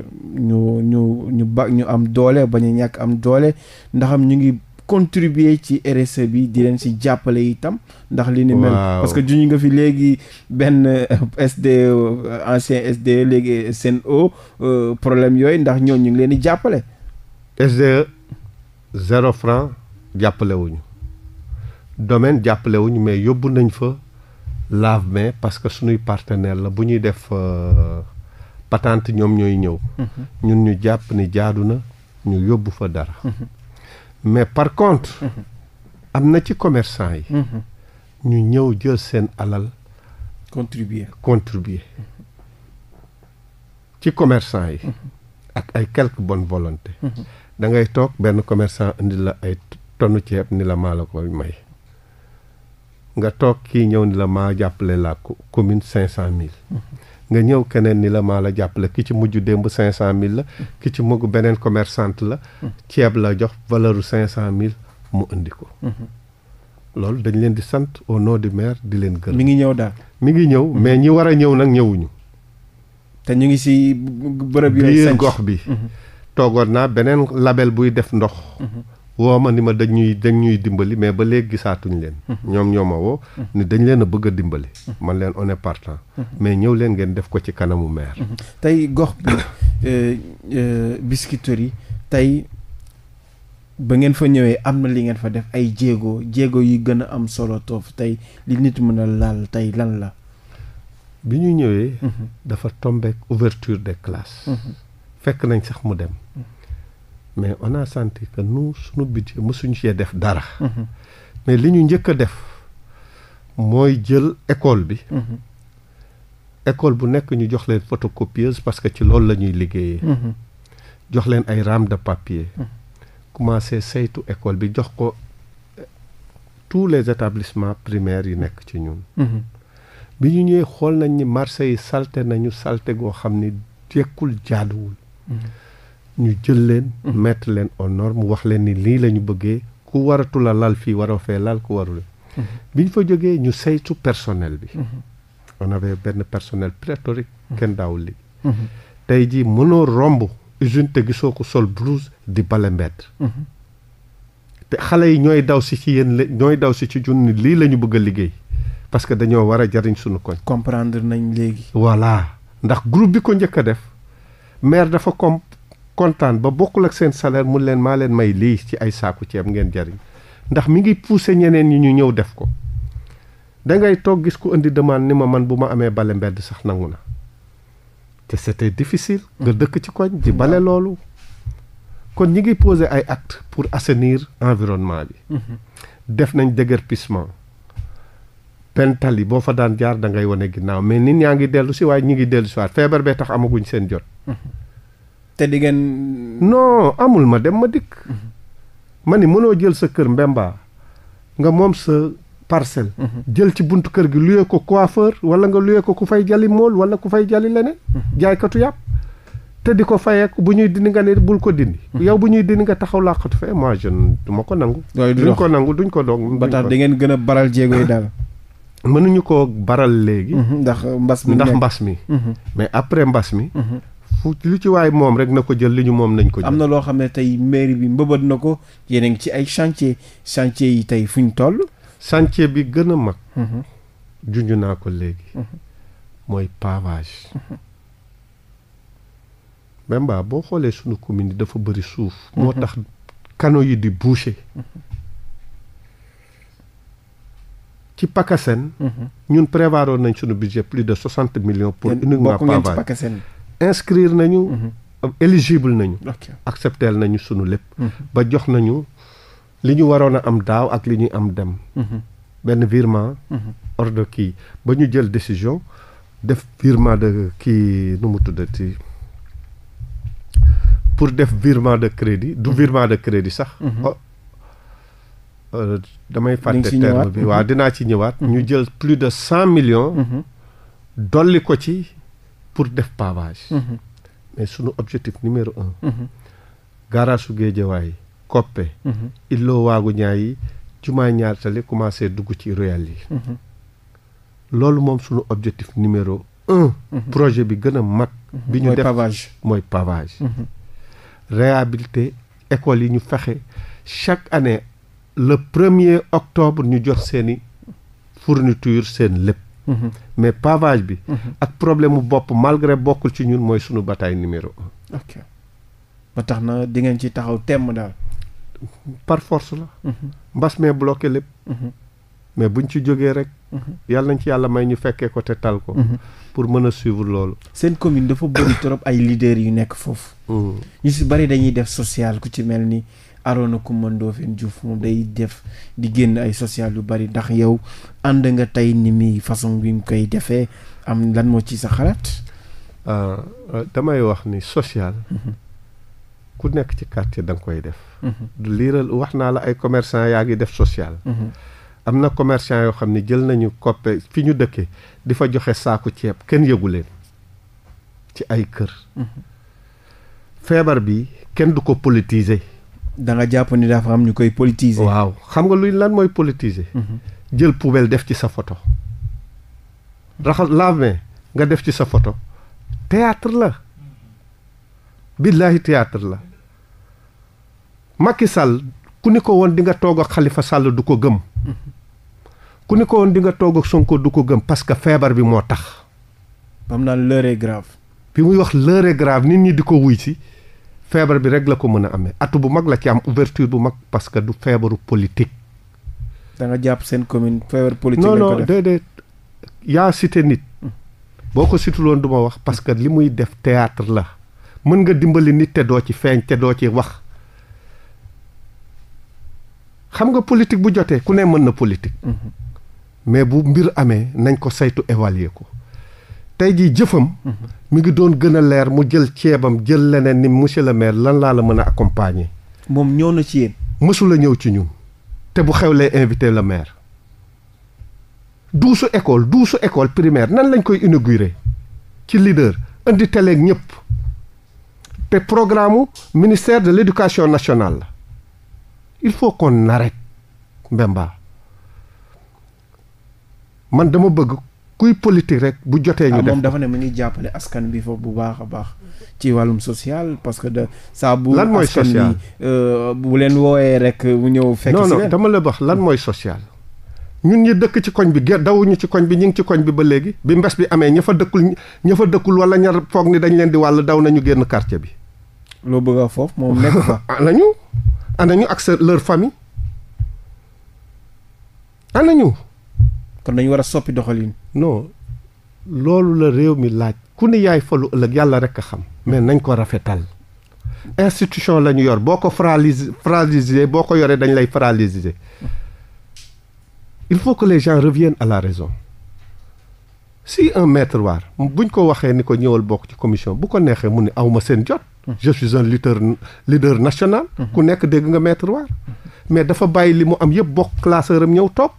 ñu ñu ñu ba ñu am doole ba ñu ñàkk am doole ndax ñu ngi contribuer ci RSE bi di leen si jàppale itam ndax li ni mel parce que juñu nga fi léegi benn euh, sd e, euh, ancien sd e, léegi seen SNO euh, problème yooyu ndax ñoo ñu ngi leen di jàppale SDE zéro franc jàppalewuñu domaine jàppalewuñu mais yóbbu nañ fa lave-mains parce que suñuy partenaire la bu ñuy def patante ñoom ñooy ñëw mm-hmm. ñun ñu jàpp ni jaadu na ñu yóbbu fa dara mm-hmm. mais par contre. Mhm. am na ci commerçant yi. Mhm. ñu ñëw jël seen alal. contribuer contribuer mhm. ci commerçant yi. ak ay quelque bonnes volontés. da ngay toog benn commerçant indi la ay tonne ceeb ni la maa la koy may. nga toog kii ñëw ni la maa jàppale la commune cinq cent mille. nga ñëw keneen ni la maa la jàppale ki ci mujj démb cinq cent mille la ki ci mugg beneen commerçante la hmm. ceeb la jox valeur cinq cent mille mu indi ko hmm. loolu dañ leen di sant au non du maire di leen gërëm mi ngi ñëw daal mi ngi ñëw hmm. mais ñi war a ñëw nag ñëwuñu te ñu ngi si bërëb yooyu gox bi toogoon naa beneen label buy def ndox woo ma ni ma dañ ñuy dañ dimbali mais ba léegi saatuñ leen. ñoom ñoo ma woo. ni dañ leen a bëgg a dimbali. man leen on est mais ñëw leen ngeen def ko ci kanamu maire. tey gox bi euh, euh, Biscuiterie yi tey ba ngeen fa ñëwee am na li ngeen fa def ay jéego jéego yu gën a am solo toofu tey li nit mën a laal tey lan la. bi ñu ñëwee. dafa tombeek ouverture des classes. fekk nañ sax mu dem. mais on a senti que nous suñu budget mësuñu cee def dara. Mhm. mais li ñu njëkk a def mooy jël école bi. Mhm. école bu nekk ñu jox leen photocopieuse parce que ci loolu la ñuy liggéeyee. Mhm. jox leen ay rames de papier. commencé saytu école bi jox ko euh, tous les établissements primaires yi nekk ci ñun. bi ñu ñëwee xool nañ ni marché yi salte nañu salte goo xam ni jekkul jaaduwul. ñu jël leen mhm. mettre leen aux mu wax leen ni lii la ñu bëggee ku waratula lal fii waroo fee lal ku warul mhm. bi ñu fa jógee ñu saytu personnel bi mhm. on benn personnel pléthorique kenn daawul li tey jii mënoo romb usine te gisoo ko sol blouse di bale mbedd te xale yi ñooy daw si ci yéen ñooy daw si ci junni lii la ñu bëgg a liggéey parce que dañoo war a jariñ suñu koñ comprendre nañ léegi voilà ndax groupe bi ko njëkk a def maire dafa comp kontaan ba bokkul ak seen salaire mun leen maa leen may lii ci ay saaku ceeb ngeen jariñ ndax mi ngi poussé ñeneen ñi ñu ñëw def ko da ngay toog gis ku indi demande ni ma man bu ma amee bale mbedd sax nangu na te c'était difficile nga mm. dëkk ci koñ di bale mm. loolu kon ñi ngi poser ay at pour assainir environnement bi mm-hmm. def nañ déguerpissement pental yi boo fa daan jaar da ngay wane ginnaaw mais nit ñaa ngi dellu si waaye ñi ngi dellu si feebar bee tax amaguñ seen jot mm-hmm. te di ngeen. non amul ma dem ma dikk. Mhm. ma ni mënoo jël sa kër Mbemba nga moom sa parcelle. Mhm. jël ci buntu kër gi luyee ko coiffeur wala nga luyee ko ku fay jali mool wala ku fay jali leneen. Mhm. jaaykatu yàpp. te di ko fayeek bu ñuy dindi nga ne bul ko dindi. yow bu ñuy dindi nga taxaw làqatu fee eh, moi je du ma ko nangu. duñ ko nangu duñ ko doog. ba tax di ngeen gën a baral jéego yi daal. mënuñu ko baral léegi. ndax mbas mi ndax mbas mi. mais après mbas mi. fu lu ci waay moom rek na ko jël li ñu moom nañ ko jël. am na loo xam ne tey mairie bi mbëbët na ko yéen a ngi ci ay chantier chantier yi tey fu ñu toll. chantier bi gën a mag. Mm-hmm. junj naa ko léegi. Mm-hmm. mooy pavage. Mm-hmm. même ba boo xoolee sunu commune yi dafa bëri suuf. moo tax canaux yi di bouché. ci PACASEN. ñun prévoiroon nañ sunu budget plus de soixante millions. pour uniquement pavage inscrire nañu. Mhm. éligible nañu. accepter nañu sunu lépp. Mhm. ba jox nañu li ñu waroon a am daaw ak li ñuy am dem. Mhm. benn virement. hors de kii ba ñu jël décision def virement de kii nu mu tuddati pour def virement de crédit du virement de crédit sax. Oh, euh, damay fàtte terme bi waaw dinaa ci ñëwaat. ñu jël plus de cent millions. dolli ko ci. pour def pavage. Mhm. mais sunu objectif numéro un. Mhm. garage su Géejawaay Koppe. Mhm. Ilo waagu ñaay jumaa ñaar tali commencé dugg ci royal yi. loolu moom sunu objectif numéro un. projet bi gën a mag. bi ñu def mooy pavage. réhabilité école yi ñu fexe chaque année le premier octobre ñu jox seeni fourniture seen lépp. Mm-hmm. mais pavage bi. Mm-hmm. ak problème mu bopp malgré bokkul ci ñun mooy sunu bataay numéro ok ba tax na di ngeen ci taxaw temm daal. par force la. Mm-hmm. mbas mais bloqué lépp. mais buñ ci jógee rek. yàlla nañ ci yàlla may ñu fekkee ko te tal ko. pour mën a suivre loolu. seen commune dafa bëri trop ay leaders yu nekk foofu. Mm. ñu si bëri dañuy def social ku ci mel nii Arona Coumba Ndoffène Diouf moom day def di génn ay social yu bari ndax yow ànd nga tey ni mi façon bi mu koy defee am lan moo ci sa xalaat. Euh, damay wax ni sociale mhm. ku nekk ci quartier danga koy def. Mhm. liiral wax naa la ay commerçant yaa ngi def social. Mhm. am na commerçant yoo xam ne jël nañu coppe fi ñu dëkkee di fa joxe saaku ceeb kenn yëgu ci ay kër. feebar bi kenn du ko politiser. da nga jàpp ni dafa am ñu koy politiser. waaw xam nga luy lan mooy politiser. Mhm. jël poubelle def ci sa photo. raxas lave nga def ci sa photo. théâtre la. billaahi théâtre la. Macky Sall ku ni ko woon di nga toog ak xalifa Sall du ko gëm. Mhm. ku ni ko woon di nga toog ak Sonko du ko gëm parce que feebar bi moo tax. bam naan l'heure est bi muy wax l'heure nit ñi di ko wuy feebar bi rek la ko mën a amee atu bu mag la ci am ouverture bu mag parce que du feebaru politique. da nga jàpp seen commune feebar politique. non non yaa cité nit. Hmm. boo ko situloon du ma wax parce que li muy def théâtre la mën nga dimbali nit te doo ci feeñ te doo ci wax xam nga politique bu jotee ku ne mën na politique. Hmm. mais bu mbir amee nañ ko saytu évaluer ko tey ji jëfam. Hmm. mi ngi doon gën a leer mu jël ceebam jël leneen ni monsieur le maire lan laa la mën a accompagner. moom ñëw na ci yéen. mësul a ñëw ci ñun. te bu xewlee invité le maire. duusu école duusu école primaire nan lañ koy inaugurer ci leader indi teleeg ñëpp te programme ministère de l'éducation nationale la il faut qu'on arrête Mbemba man dama bëgg kuy politique rek bu jotee ñu ah, def moom dafa ne mu ngi jàppale askan bi foofu bu baax a baax ci wàllum social parce que de saa bu lan mooy social euh, bu leen woowee rek bu ñëw fekk non non dama la wax lan mooy social ñun ñi dëkk ci koñ bi ge dawuñu ci koñ bi ñu ngi ci koñ bi ba léegi bi mbes bi amee ña fa dëkkul ña fa dëkkul wala ña foog ni dañ leen di wàll daw nañu génn quartier bi loo bëgg foofu moom nekk fa anañu anañu ak sa leur famille anañu kon nañu war a soppi doxalin non loolu la réew mi laaj ku ne yaay falu ëllëg yàlla rek a xam mais nañ ko rafetal institution la ñu yor boo ko fralise fragiliser boo ko yoree dañ lay fragiliser il faut que les gens reviennent à la raison si un maître waar buñ ko waxee ni ko ñëwal bokk ci commission bu ko neexee mu ne awma seen jot je suis un leader leader mm-hmm. ku nekk dégg nga maître waar mais dafa bàyyi li mu am yëpp bokk classeur am ñëw toog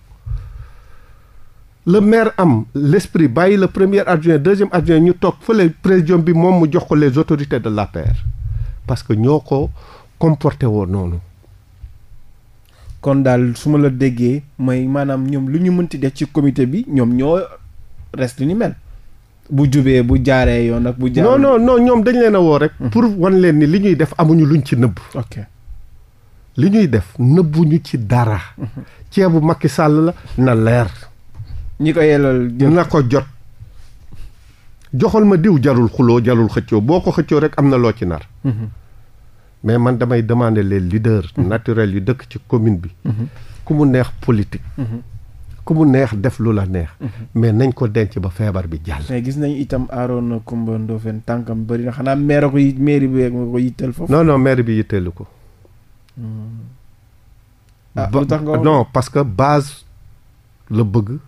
le maire am l'esprit bàyyi la première adjoint deuxième adjoint ñu toog fële président bi moom mu jox ko les autorités de la l'APR parce que ñoo ko comporté woon noonu. kon daal su ma la déggee mooy maanaam ñoom lu ñu mënti def ci comité bi ñoom ñoo reste ni mel. bu jubee bu jaaree yoon nag bu. jaaree non non non ñoom dañ leen a woo rek. Hmm. pour wan leen ni li ñuy def amuñu luñ ci nëbb. ok li ñuy def nëbbuñu ci dara. Hmm. ceebu Macky Sall la na leer. ñi ko yellool na ko jot joxal ma diw jarul xuloo jarul xëccoo boo ko xëccoo rek am na loo ci nar mhm. mais man damay demander les leaders mhm. naturels yu dëkk ci commune bi mhm. ku mu neex politique ku mu neex def lu la neex mais nañ ko denc ba feebar bi jàll mais gis nañ itam Arona Coumba Ndoffène tànkam bëri na xanaa maire ko maire bi nga ko yitteel foofu non non bi yitteelu ko hmm. ah lu tax parce que base la bëgg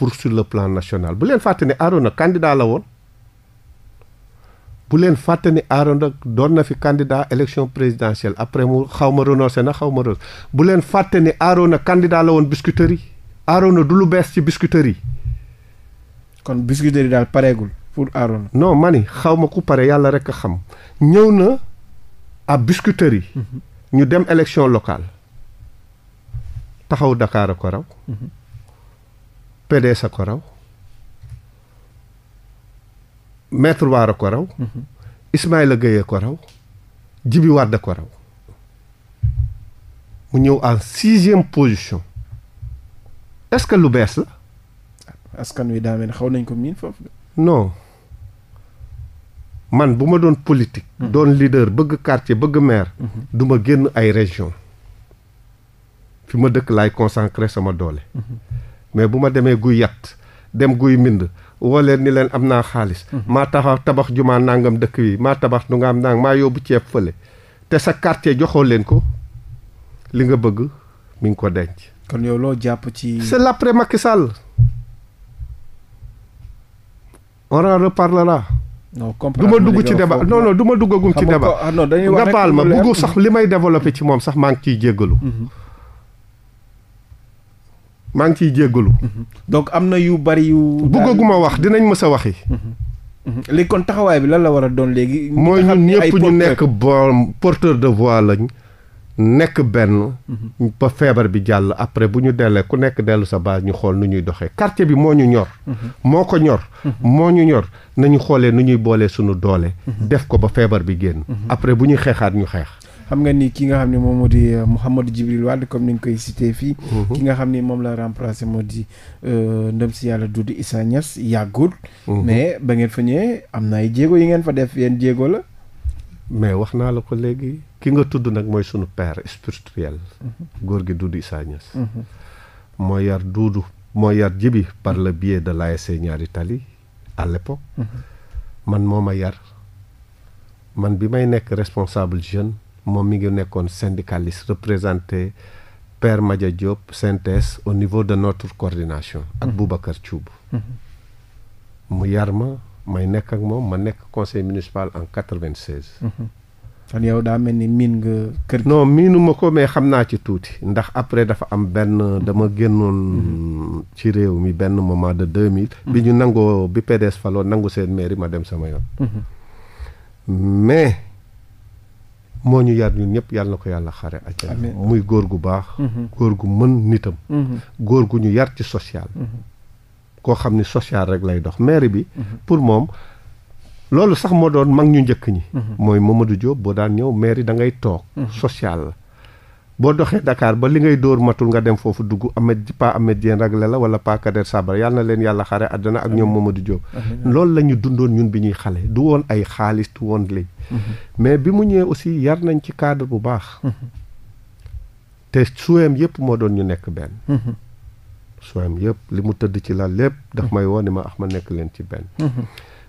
pour sur le plan national bu leen fàtte ne Arona candidat la woon bu leen fàtte ni Arona doon na fi candidat élection présidentielle après mu xaw ma renoncé na xaw ma renoncé bu leen fàtte ni Arona candidat la woon biscuiterie Arona du lu bees ci biscuiterie kon biscuiterie daal pareegul pour Arona non ma xawma xaw ku pare yàlla rek a xam ñëw na à biscuiterie mhm. ñu dem élection locale taxaw Dakar a ko raw mhm. PDS a ko raw maître Waar a ko raw Ismaïla Gueye a ko raw Djibi Wade a ko raw mu ñëw en sixième position est-ce que lu bees la askan wi daa mel xaw nañ ko miin foofu non man bu ma doon politique hm. doon leader bëgg quartier bëgg maire mmh. génn ay région fi ma dëkk laay consacré sama doole hm. mais bu ma demee guy yàtt dem guy mbind woo leen ni leen am naa xaalis mhm. maa tabax tabax jumaa nangam dëkk bi maa tabax nu nga am nang maa yóbbu ceeb fële te sa quartier joxoo leen ko li nga bëgg mi ngi ko denc kon yow loo jàpp ci c'est l'après Macky Sall on en reparlera non du ma dugg ci débat non non du ma duggagum ci débat ah nga baal ma bugg sax li may développé ci moom sax maa ngi ciy jéggalu mhm. maa ngi ciy jéggalu donc am na yu bari yu. bëggaguma wax dinañ mës a waxi. léegi kon taxawaay bi lan la war a doon léegi. mooy ñun ñëpp ñu nekk borom porteur de voix lañ. nekk benn. ba feebar bi jàll après bu ñu dellee ku nekk dellu sa base ñu xool nu ñuy doxee quartier bi moo ñu ñor. moo ko ñor. moo ñu ñor nañu xoolee nu ñuy boolee suñu doole. def ko ba feebar bi génn. après bu ñuy xeexaat ñu xeex. xam nga ni ki nga xam ne moom moo di euh, Mouhamadou Djibril Wade comme ni nga koy sitee fii. Mhm. ki nga xam ni moom la remplacé moo di euh, ndem si yàlla Doudou Issa Niass yàggul. Mhm. mais ba ngeen fa ñëwee am na ay jéego yi ngeen fa def yéen jéego la. mais wax naa la ko léegi ki nga tudd nag mooy sunu père spirituel. Mhm. góor gi Doudou Issa Niass. moo yar Doudou moo yar Djibi par le bier de la l'ASC ñaari tali à l'époque man moo ma yar man bi may nekk responsable jeune. moom mi ngi nekkoon syndicaliste représenté per Madia Diop synthèse au niveau de notre coordination ak mhm. Boubacar Thioub mhm. mu yar ma may nekk ak moom ma nekk conseil municipal en quatre-vingt-seize mhm. kon yow daa mel ni miin nga kër non miinu ma ko mais xam naa ci tuuti ndax après dafa am benn dama génnoon ci réew mi benn moment de deux mille bi ñu nangoo bi PDS faloo nangu seen mairie ma dem sama yoon moo ñu yar ñun ñëpp yàlla ko yàlla xare àjjana muy góor gu baax mhm. góor gu mën nitam mhm. góor gu ñu yar ci social mhm. koo xam ni social rek lay dox maire bi pour moom loolu sax moo doon mag ñu njëkk ñi mooy Mamadou Diop boo daan ñëw maire da ngay toog social la boo doxee dakaar ba li ngay dóor matul nga dem foofu dugg Amed Pa Amed Dieng ragle la wala Pa Kader Sabara yàlla na leen yàlla xare àddina ak ñoom Mamadou Diop loolu la ñu dundoon ñun bi ñuy xale du woon ay xaalis du woon lii mhm. mais bi mu ñëwee aussi yar nañ ci cadre bu baax mhm. te suweem yëpp moo doon ñu nekk benn mhm. yëpp li mu tëdd ci la lépp daf may woo ma ax ma nekk leen ci benn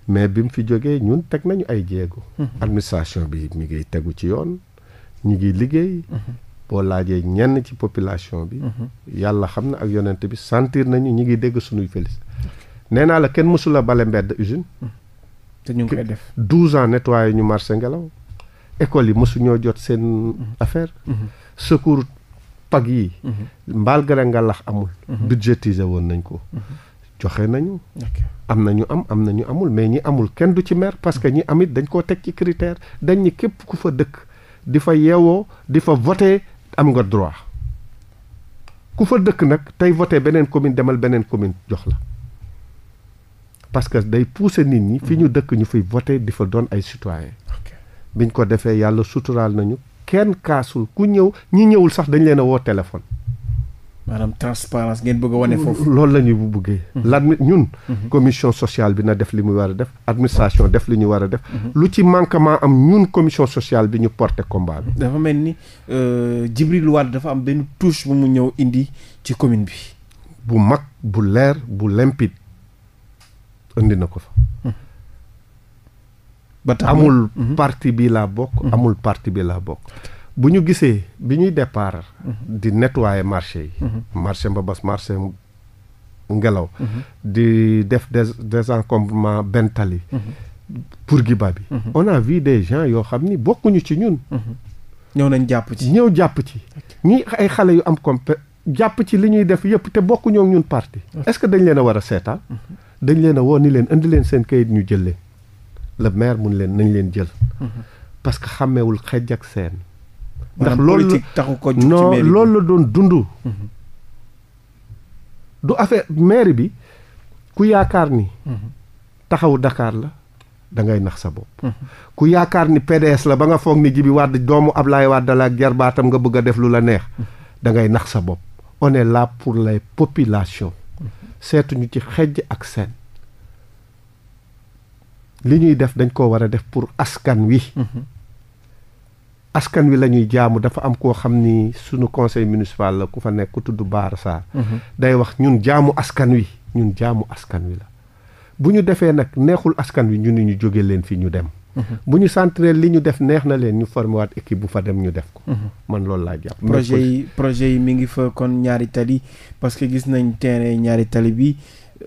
mais bi mu fi jógee ñun teg nañu ay jéego administration bi mu ngi tegu ci yoon ñu ngi liggéey boo laajee ñenn ci population bi. Mhm. yàlla xam na ak yonent bi sentir nañu ñi ngi dégg suñuy félice. nee naa la kenn mësul a bale mbedd usine. Mhm. te ñu ngi koy def douze ans nettoyé ñu marché ngelaw. école yi mësu ñoo jot seen mhm. affaire. secours pag yi. mbaal gara nga lax amul. budgétiser woon nañ ko. joxe nañu. am na ñu am am na ñu amul mais ñi amul kenn du ci mer parce que ñi amit dañ koo teg ci critère dañ ñi képp ku fa dëkk di fa yeewoo di fa voté am nga droit ku fa dëkk nag tey voté beneen commune demal beneen commune jox la parce que day pousser nit ñi fi ñu mm-hmm. dëkk ñu fiy voté di fa doon ay citoyen biñ ko defee yàlla suturaal nañu kenn kaasu ku ñëw ñi ñëwul sax dañ leen a woo téléphone maanaam transparence ngeen bëgg a wane foofu. loolu la ñuy bu bëggee. Mhm. lan ñun. Mhm. commission sociale bi na def li mu war a def. administration def li ñu war a def. Mhm. lu ci manquement am ñun commission sociale bi ñu porter combat bi. dafa mel ni euh, Djibril Wade dafa am benn touche bu mu ñëw indi ci commune bi. bu mag bu leer bu limpide indi na ko fa. ba amul parti bi laa bokk. amul parti bi laa bokk. bu ñu gisee bi ñuy départ. Mhm. di nettoyer marché yi. Mhm. marché Mbabas marché ngelaw. Mhm. di def des désencombrement benn tali. Bourguiba bi. on a vu des gens yoo xam ni bokkuñu ci ñun. ñëw nañ jàpp ci ñëw jàpp ci. ñi ay xale yu am compé jàpp ci li ñuy def yëpp te bokkuñoo ñun parti. est-ce que dañ leen a war a seetaan. dañ leen a woo ni leen indi leen seen kayit ñu jël leen. le maire mun leen nañ leen jël. parce que xàmmewul xej ak seen. ndax loolu taxu ko non loolu la doon dund mhm. du affaire mairie bi ku yaakaar ni mhm. taxawu dakaar la dangay nax sa bopp mhm. ku yaakaar ni PDS la ba nga foog ni Djibi Wade doomu Ablaye Wade la ak jarbaatam nga bëgg a def lu la neex dangay nax sa bopp on est là pour les populations seetuñu ci xejj ak seen li ñuy def dañ ko war a def pour askan wi askan wi la ñuy jaamu dafa am koo xam ni suñu conseil municipal la ku fa nekk ku tudd Baara Sarr mhm. day wax ñun jaamu askan wi ñun jaamu askan wi la bu ñu defee nag neexul askan wi ñu ni ñu jóge leen fi ñu dem mhm. bu ñu centré li ñu def neex na leen ñu formé waat bu fa dem ñu def ko mhm. man loolu laa jàpp projet yi projet mi ngi fa kon ñaari tali parce que gis nañ terrain ñaari tali bi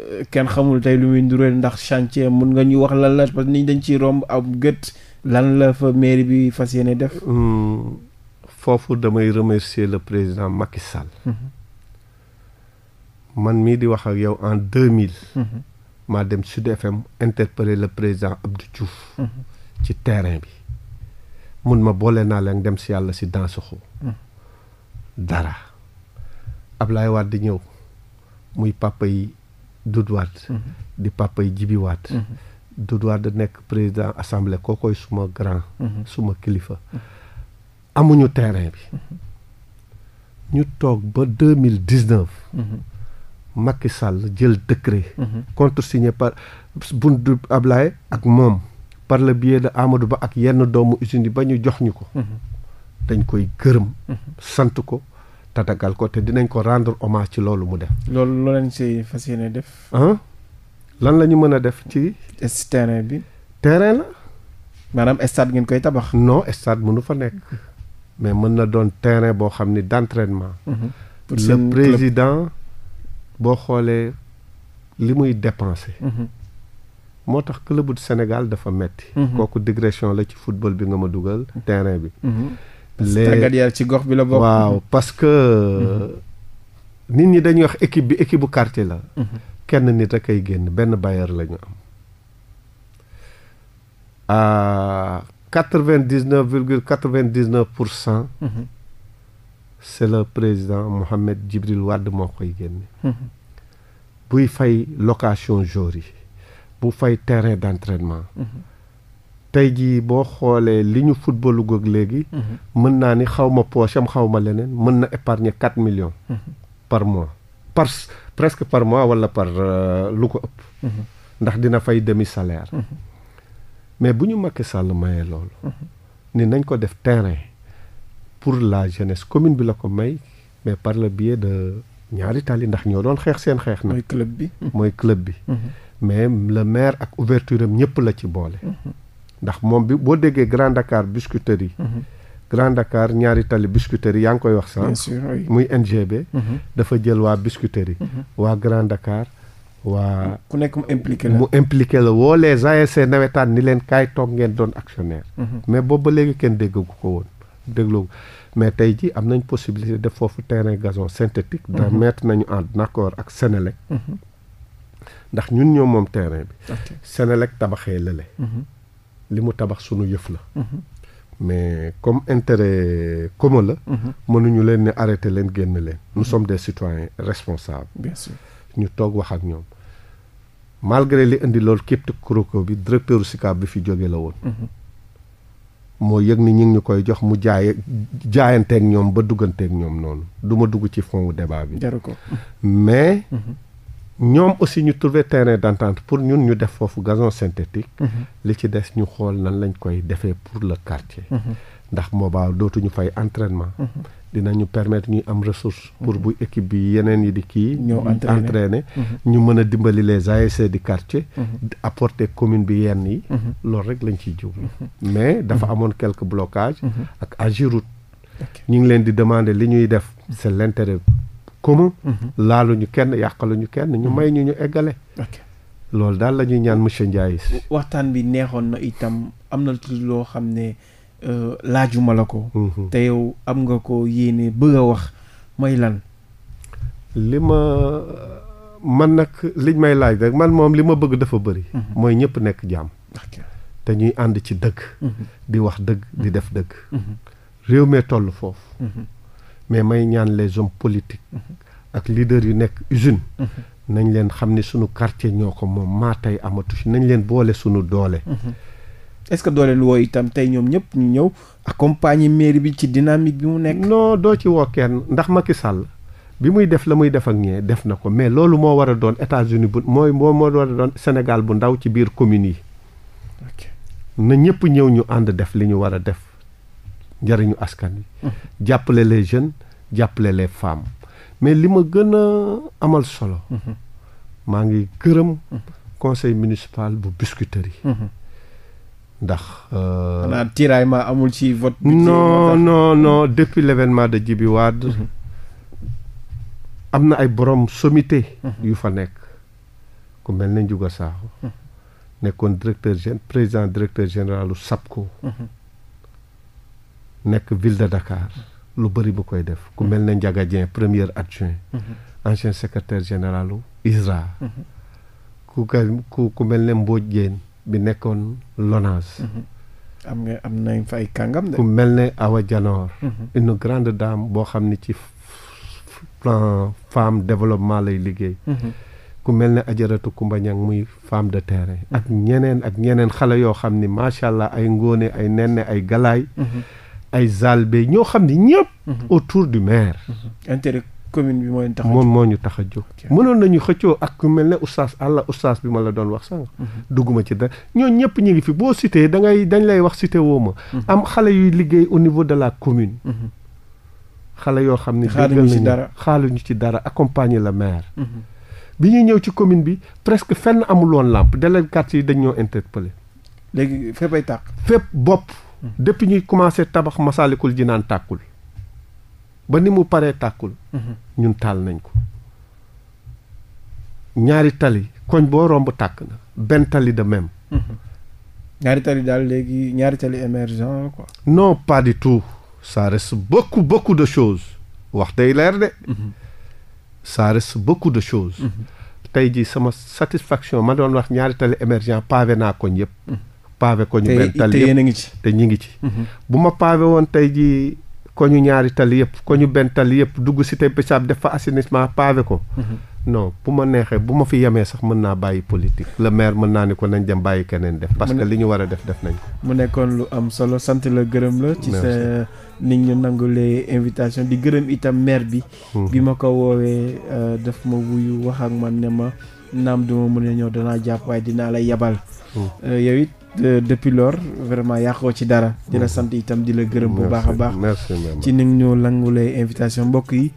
euh, kenn xamul tey lu muy ndureel ndax chantier mun nga ñu wax lan la parce que niñ dañ ciy romb ab gët lan la fa mairie bi fas yéene def. Hmm, foofu damay remercier le président Macky Sall. Mhm. man mii di wax ak yow en deux mille. Mhm. maa dem Sud FM interpeller le président Abdou Diouf. Mhm. ci terrain bi. mun ma boole naa leen dem si yàlla si Dansokho. dara. lay Wade di ñëw muy papa yi Doudou Wade. di papa yi Djibi Doudou Wade nekk président koo koy suma grand. Mhm. suma kilifa. amuñu terrain bi. Mhm. ñu toog ba deux mille dix neuf. Mhm. Macky Sall jël décret. contresigné par Boun Abdallah ak moom. par le biais de Amadou Ba ak yenn doomu usine yi ba ñu jox ñu ko. dañ koy gërëm. sant ko tatagal ko te dinañ ko rendre hommage ci loolu mu def. loolu loo leen ci fas yéene def. lan la ñu mën a def ci. terrain bi. terrain la. maanaam stade ngeen koy tabax. non stade mënu fa nekk. mais mën na doon terrain boo xam ni d'entraînement. Mhm. pour le président boo xoolee li muy dépenser. Mhm. moo tax club Sénégal dafa metti mhm. kooku digression la ci football bi nga ma dugal. terrain bi. les tàggat yaram ci gox bi la boo waaw parce que. nit ñi dañuy wax équipe bi équipe bu quartier la. kenn nit a kay génn benn bailleur la ñu am à quatre-vingt-dix-neuf virgule quatre-vingt-dix-neuf pour cent. Mhm. c'est le président Mohamed Djibril Wade moo koy génne. Mhm. buy fay location jour yi bu fay terrain d'entraînement. Mhm. tey ji boo xoolee li ñu footballu goog léegi mën naa ni xaw ma poche xaw ma leneen mën na épargner quatre millions par mois presque par mois wala par euh, lu ko ëpp. Mhm. ndax dina fay demi salaire. Mhm. mais bu ñu Macky sàll mayee loolu. Mhm. ni nañ ko def terrain pour la jeunesse commune bi la ko may mais par le biais de ñaari tali ndax ñoo doon xeex seen xeex. nag mooy club bi mooy club bi. mais le maire ak ouverture am ñëpp la ci boole. ndax moom bi boo déggee Grand Dakar biscuiterie yi. Grand Dakar ñaari tali biscuiterie yaa ngi koy wax sax muy NGB mhm. dafa jël waa biscuiterie mhm. waa Grand Dakar waa ku nekk mu impliqué la mu impliqué la woo les ASC nawetaan ni leen kaay toog ngeen doon actionnaire mhm. mais boobu ba léegi kenn déggagu ko woon dégloo mais tey ji am nañ possibilité def foofu terrain gazon synthétique da mettre nañu en accord ak Sénélec ndax ñun ñoo moom terrain bi Sénélec tabaxee lële li mu tabax sunu yëf la mais comme intérêt comme la. Mhm. mënuñu leen ne arrêté leen génn leen. nous mhm. sommes des citoyens responsables. ñu toog wax ak ñoom. malgré li indi loolu képp kuroko bi directeur SICAP bi fi jóge la woon. Mhm. moo yëg ni ñu ñu koy jox mu jaaye jaayanteeg ñoom ba dugganteeg ñoom noonu du ma dugg ci fond débat bi. jaru ko mais. ñoom aussi ñu trouver terrain d'entente pour ñun ñu def foofu gazon synthétique. Mhm. li ci des ñu xool nan lañ koy defee pour le quartier. Mhm. ndax boobaa dootuñu fay entraînement. Mhm. ñu permettre ñuy am ressource. pour bu équipe bi yeneen yi di kii. ñoo entraîner ñu mën a dimbali les ASC du quartier. apporter commune bi yenn yi. loolu rek lañ ciy jublu. mais dafa amoon quelque blocage ak Agirout. ñu ngi leen di demander li ñuy def c'est l'intérêt commun mhm. laaluñu kenn yàqaluñu kenn ñu mhm. may ñu ñu eggale loolu daal la ñuy ñaan monsieur Ndiaye waxtaan bi neexoon na itam am na loo xam ne euh, laajuma la ko mhm. te yow am nga ko yéene bëgg wax may lan li ma man nag liñ may laaj rek man moom li ma bëgg dafa bëri mooy ñëpp nekk jàmm te ñuy ànd ci dëgg di wax dëgg di def dëgg réew mee toll foofu mais may ñaan les hommes politiques. ak leaders yu nekk usine. nañ leen xam ne sunu quartier ñoo ko moom maa tey amatu si nañ leen boole sunu doole. est-ce que doole lu woo itam tey ñoom ñëpp ñu ñëw accompagner mairie bi ci dynamique bi mu nekk. non doo ci woo kenn ndax Macky Sall bi muy def la muy def ak ñee def na ko mais loolu moo war a doon états uni bu mooy moo moo war a doon Sénégal bu ndaw ci biir communes yi. na ñëpp ñëw ñu ànd def li ñu war a def. njëriñu askan wi. jàppale les jeunes jàppale les femmes mais li ma gën a amal solo. maa ngi gërëm. conseil municipal bu Biscuiterie yi. ndax. Euh, xanaa tiraillement amul ci vote. non non non depuis l'événement de Djibi Wade. am na ay borom sommité. yu fa nekk ku mel ne Ndiouga Sakho nekkoon directeur gén président directeur général u nekk ville de Dakar lu bëri bu koy def ku mel ne Ndiaga Dieng premier adjoint mhm. ancien secretaire général u ISRA mhm. ku ku ku mel ne Mbodj Dieng bi nekkoon LONASE mhm. am kàngam de ku mel ne Awa Janoor une grande dame boo xam ni ci plan femme développement lay liggéey ku mel ne ajaratu Kumba Ñang muy femme de terrain ak ñeneen ak ñeneen xale yoo xam ni macha allah ay ngóone ay ne ay galaay ay zalbe ñoo xam ne ñëpp. Mhm. autour du maire. Mhm. intérêt commune bi moo tax moom moo ñu tax a jóg. mënoon nañu xëccoo ak mel ne oustaz àlla oustaz bi ma la doon wax sànq. Mhm. dugguma ci dara ñoo ñëpp ñu ngi fi boo cité da ngay dañ lay wax cité woo ma. am xale yuy liggéey au niveau de la commune. xale yoo xam ne. xaaluñu ci dara ñu ci dara accompagner la maire. bi ñuy ñëw ci commune bi presque fenn amul woon làmp délégué quartier yi dañ ñoo interpellé. léegi fépp ay tàq. fépp bopp. depuis ñuy commencé tabax Masaalikul naan tàkkul ba ni mu paree tàkkul mhm. ñun taal nañ ko ñaari tali koñ boo romb tàkk na benn tali de même mhm. ñaari tali daal léegi ñaari tali émergent quoi non pas du tout ça reste beaucoup beaucoup de choses wax day leer de mhm. ça reste beaucoup de choses tey jii sama satisfaction ma doon wax ñaari tali émergent pavé naa koñ yëpp pavé ko ñu benn ci te ñi ngi ci mhm. bu ma pavé woon tey ji ko ñu ñaari tali yëpp ko ñu benn tali yëpp dugg cité Bichab def fa assainissement pavé ko mhm. non bu ma neexee bu ma fi yemee sax mën naa bàyyi politique le mën naa ni nañ dem bàyyi keneen def parce que li ñu war a def def nañ mu nekkoon lu am solo sant la gërëm la ci sa nit ñu nangulee invitation di gërëm itam maire bi mhm. bi ma ko woowee euh, daf ma wuyu wax ak ma ne ma naam duma mën a ñëw danaa jàpp dinaa la yebal euh, yow it depuis lors vraiment yàqoo ci dara. di la sant itam di la gërëm bu baax a baax. ci ni ñu langulee invitation mbokk yi.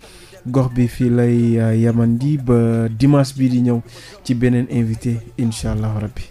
gox bi fii lay euh, yamandi ba dimanche bii di ñëw ci beneen invité incha allahu rabbi